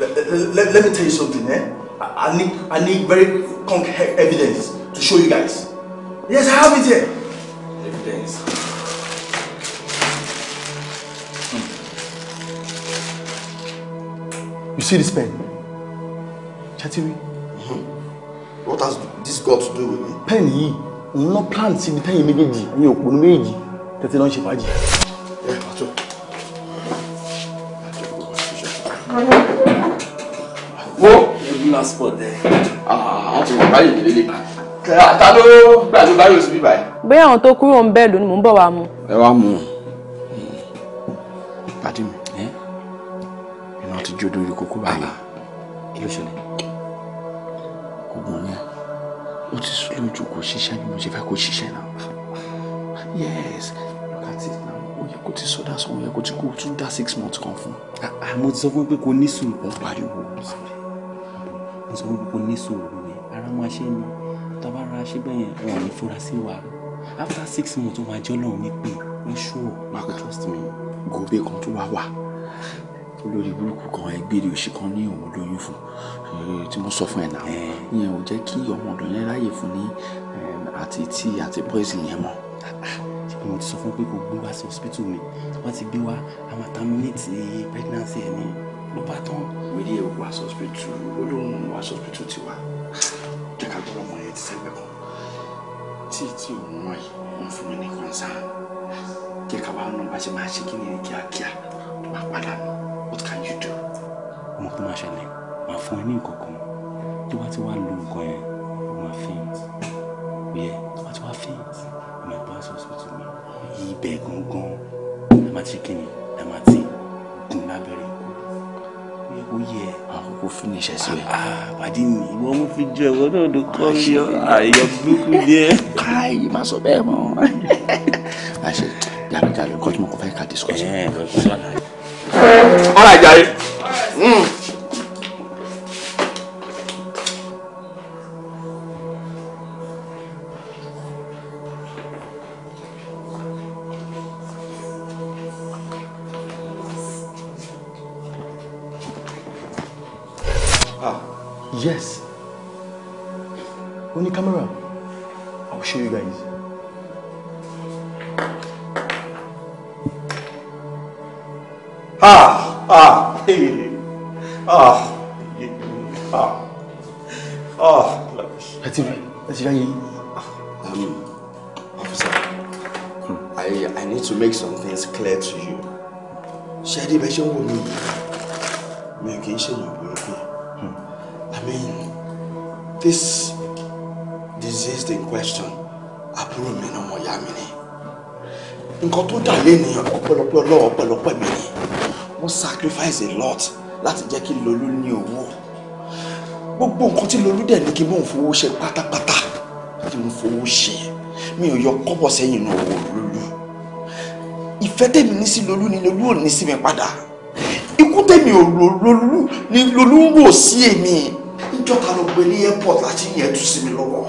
let, let me tell you something eh? I need, I need very concrete evidence to show you guys. yes I have it here. evidence. You see this pen? Chatiri? Mm-hmm. What has this got to do with me? Pen yìí, òun náà plant síbi tẹ́yìn méjèèjì, ẹ̀yin òpònú méjèèjì, tẹ́tí lọ́n ṣe fàájì. Ẹ pàtó. Wo ewu náà spot dẹ. Àti wọ́n báyìí nílé lè bá. tado. ló gbà ló báyìí oṣù bíbá yìí? Bóyá àwọn tó kúrò ń bẹ́ẹ̀ lónìí, mò ń bọ̀ wá mu. Ẹ wá mu. Pàdé mi ti jó dorí kókó báyìí. kí ló ṣẹlẹ̀. oògùn yẹn O ti sún lójú kò ṣiṣẹ́ ni mo ṣe fẹ́ kó ṣiṣẹ́ náà. yes wákàtí náà ó yẹ kó ti sọdá sọ ó yẹ kó ti kó tún dá six months kan fún. Ah, ah, mo ti sọ fún pé kò ní sùúrù. ó pariwo mo sọ fún pé kò ní O ni ara máa ṣe ni tabara ṣe bẹ́yẹn wọn O ní fura sí wa after six months ó máa jọ́ lọ́run ní pé ó ṣùọ́. mark trust me gòbè kan tó wá wà olórí burúkú kan ẹgbẹ́rẹ́ òsì kan ní òun lóyún fún tí mo sọ fún ẹ̀ náà ìyẹn ò jẹ́ kí ọmọ ọ̀dọ̀ yẹn ráyè fún ní àti tí àti poison yẹn mọ́ mo ti sọ fún pé kò gbé wá sí hospital mi wọ́n ti gbé wá a máa terminate pregnancy ẹ̀ ní ló bá tán wíìlì ẹ̀ wá hospital olóhùn wá hospital ti wá jẹ́ ká gbọ́dọ̀ mọ̀ ẹ̀ ti sẹ́gbẹ̀ kan tí tí òun náà yìí wọ́n fún mi ní concern jẹ́ ká wá nọ́mbà ṣe máa ṣe kí ni kíákíá wá padà mi tó máa ṣẹlẹ̀ máa fún ẹ ní nǹkan kan tó bá ti wá lo nǹkan yẹn ó máa fi yẹ tó bá ti wá fi ẹ máa bá sọ̀sọ̀ tó mi ibẹ̀ gangan ẹ máa ṣe kíni ẹ máa ti gún lábẹ́rẹ́ ó yẹ àkókò finish ẹ síbẹ̀. àbàdí ah, ah, mi ìwọ mo fi jọ ìwọ náà ló kọ́ mi ọ àyọ burúkú díẹ̀. káyì má sọ bẹ́ẹ̀ mọ́. àṣẹ jàre jàre kọ́jú mọ́ kó fẹ́ ká discuss. ọ̀rọ̀ eh, àjàre. Hmm. Yes. Only camera. I'll show you guys. Ah! Ah! Hey! Ah, ah! Ah! Ah! Let's see. Let's see. Um, officer, I, I need to make some things clear to you. Ṣé ẹ dé ibẹ̀ ṣe ń wò mí? Mi this disease in question àbúrò mi ni ọmọ ìyá mi ni nǹkan tó dà lénìyàn ọpẹ́lọpẹ́ Ọlọ́run ọpẹ́lọpẹ́ mi ni wọ́n sacrifice a lot láti jẹ́ kí Lolú ní owó gbogbo nǹkan tí Lolú dẹ̀ ní kí mò ń fowó ṣe pátápátá tí mo fowó ṣe mi ò yọ kọ́bọ̀ sẹ́yìn nù owó Lolú ìfẹ́ tèmi ní sí Lolú ni Lolú ò ní sí mi padà ikú tèmi ò Lolú ni Lolú ń rò sí èmi níjọta ló gbé ní airport láti yẹn tú sí mi lọ́wọ́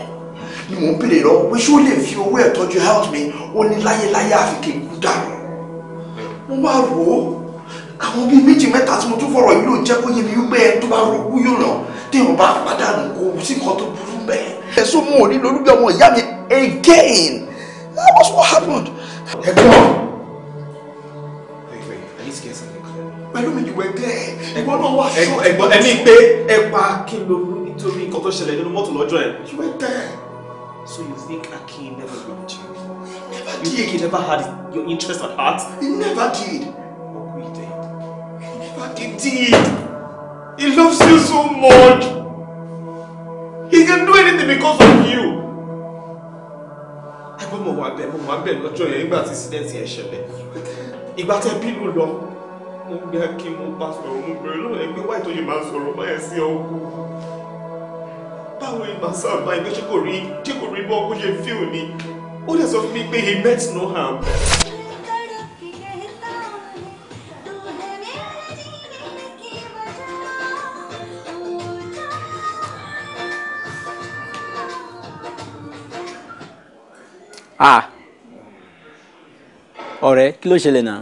ni mò ń bèrè lọ pé ṣé ó lè fi owó ẹ̀ tọ́jú health mi ó ní láyéláyé àfi kí n kú dànù mo bá rò ó àwọn bíi méjì mẹ́ta tí mo tún fọ̀rọ̀ yìí ló jẹ́ kó yé mi wípé ẹni tó bá rogún yóò nà téèyàn bá pàdánù kó sí nǹkan tó burú bẹ́ẹ̀. ẹ̀sùn mo ò ní lolúgbẹ́ ọmọ ìyá mi again that was what happened. ẹ̀gbọ́n. pẹ̀lú mi you were there ẹ̀gbọ́n náà wá sọ ẹ̀gbọ́n ẹ̀mí pé ẹ pa kí n lo nítorí nǹkan tó ṣẹlẹ̀ nínú mọ́tò lọ́jọ́ ẹ̀. you were there. so you think Akin never loved you. never did. you think he never had your interest at heart. he never did. what we did. he never did. did. he loves you so much. he can do anything because of you. ẹ̀gbọ́n mo wà bẹ́ẹ̀ mo wà bẹ́ẹ̀ lọ́jọ́ yẹn nígbà tí incident yẹn ṣẹlẹ̀ ìgbà tẹ́ bínú lọ mo gbé kí mo bá sọ̀rọ̀ mo bèrè lọ́wọ́ ẹgbẹ́ wáyé tó yìí máa sọ̀rọ̀ máa ẹ̀ sí ọkọ báwo ni màá sáà máa ẹgbẹ́ ṣé kò rí ṣé kò rí bọ́ bó ṣe fíl ni ó dẹ̀ sọ fún mi pé he meant no harm. ah ọ̀rẹ́ kí ló ṣẹlẹ̀ náà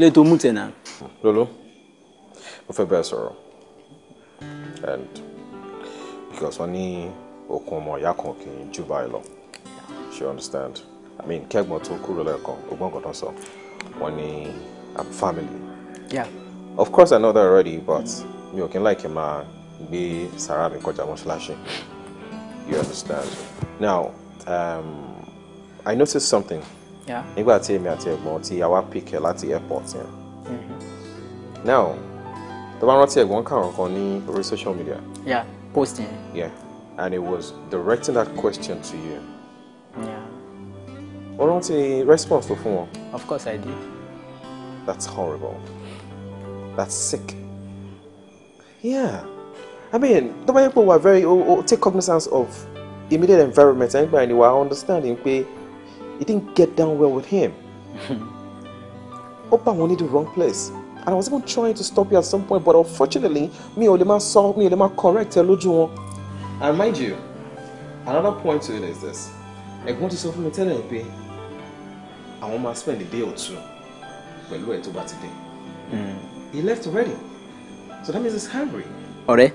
lè tó mú tẹ̀ lolo mo fẹ́ bẹ́ẹ̀ sọ̀rọ̀ and because wọ́n ní okun ọmọ ìyá kan kì í jù báyìí she understand i mean kẹ́gbọ́n tó kúrò lẹ́ẹ̀kan ọgbọ́n kan tán sọ wọ́n ní family. Yeah. of course i know that already but you can like n be kí n máa gbé sàrà you understand now um, i noticed something nígbà tí èmi àti ẹ̀gbọ́n ti yàwá pìkẹ́ láti airport yẹn mm-hmm. now tó bá rántí ẹ̀gbọ́n kàrọ̀ kan ní orí social media. yeah posting. yeah and he was directing that question to you. yeah. o rántí response tó fún wọn. of course I did. that's horrible that's sick yeah I mean tó bá yẹ pé we are very oh, oh, take cognizance of immediate environment ẹ̀ ń gbà ẹni wa understanding pé. Pe It didn't get down well with him. Opa wanted the wrong place. And I was even trying to stop you at some point, but unfortunately, me or lè máa sọ, mi ò lè máa correct ẹ And mind you, another point to it is this. I ti to solve mi tẹ́lẹ̀ pé àwọn máa spend a day or two But look at bá ti hmm. He left already. So that means he's hungry. Ore,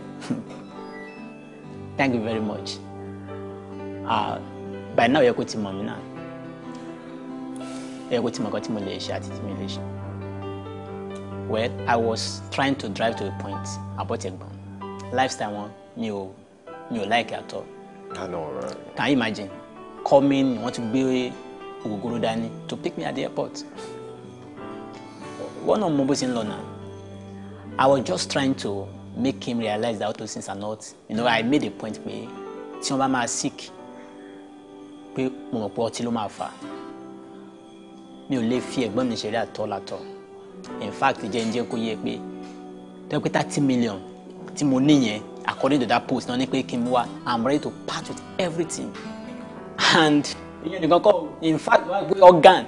thank you very much. Uh, by now, you're kò ti mọ̀ mí ẹ kó tí mo kọ́ tí mo lè ṣe àti tí mo lè ṣe. well i was trying to drive to a point abọ́tẹ̀gbọ́n lifestyle wọn mi ò mi ò like at all. I know, right? can you imagine coming wọ́n ti gbé ògógóró dání to pick me at the airport one of my mobile in London I was just trying to make him realize that all those things are not you know I made a point pé tí wọ́n bá máa sick pé mo mọ̀ pé ọtí ló máa fà á mi ò lè fi ẹ̀gbọ́n mi ṣeré àtọ́ látọ̀ in fact jẹ́ ń jẹ́ kó yẹ pé tó yẹ pé thirty million tí mo ní yẹn according to that post náà ni pé kí n wá i'm ready to part with everything and ìyẹn nìkan kọ́ in fact wọ́n á gbé organ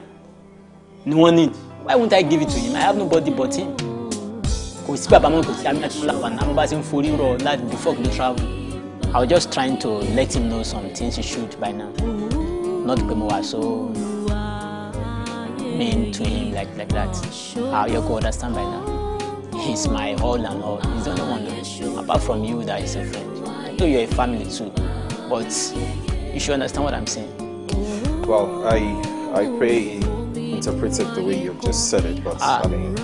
ni wọ́n need why won't i give it to him i have nobody but him kò sí bàbá mọ́ kò sí àmì àti fúláwà náà mo bá ti ń forí rọ láti before we travel i was just trying to let him know some things he should by now not pé mo wà so. mean to him like, like that. How you could understand by now. He's my all and all. He's the only one, apart from you, that is a friend. Though you're a family too, but you should understand what I'm saying. Well, I I pray he interpreted the way you've just said it, but uh, I mean...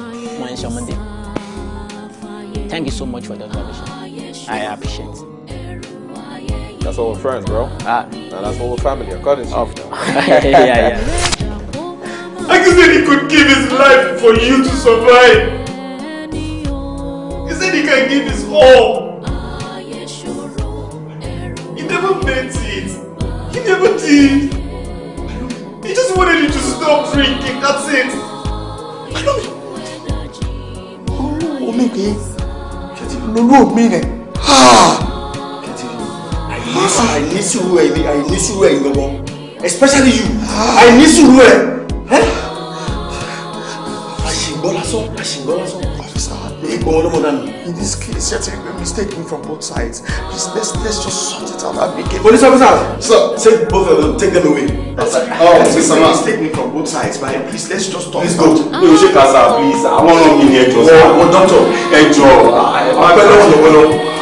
Thank you so much for the observation. I appreciate it. That's all we're friends, bro. Ah. And that's all we're family, according to oh. yeah, yeah. He said he could give his life for you to survive. He said he can give his all. He never meant it. He never did. He just wanted you to stop drinking. That's it. I don't. Oh, Omeke. Kẹ́tì lolú òmí rẹ̀. Kẹ́tì àìnísùúrù ẹ̀yìn àìnísùúrù ẹ̀yìn gbogbo especially you I need àìnísùúrù ẹ̀ àṣìgbọ́ officer ìgbọ́n ọlọ́mọ náà nù. in this case yẹ ti rí mistake from both sides please let's let's just sort it out and make it. police officer sir take both of them take them away. Oh, Mr. Man. Mistake me from both sides, but please let's just talk. Please go. Mi ò ṣe kà sá, please. Àwọn ọ̀rọ̀ mi ni ẹjọ́ Oh, doctor, enjoy. ẹjọ́. better abẹ́lẹ́ the lọ́wọ́lọ́wọ́.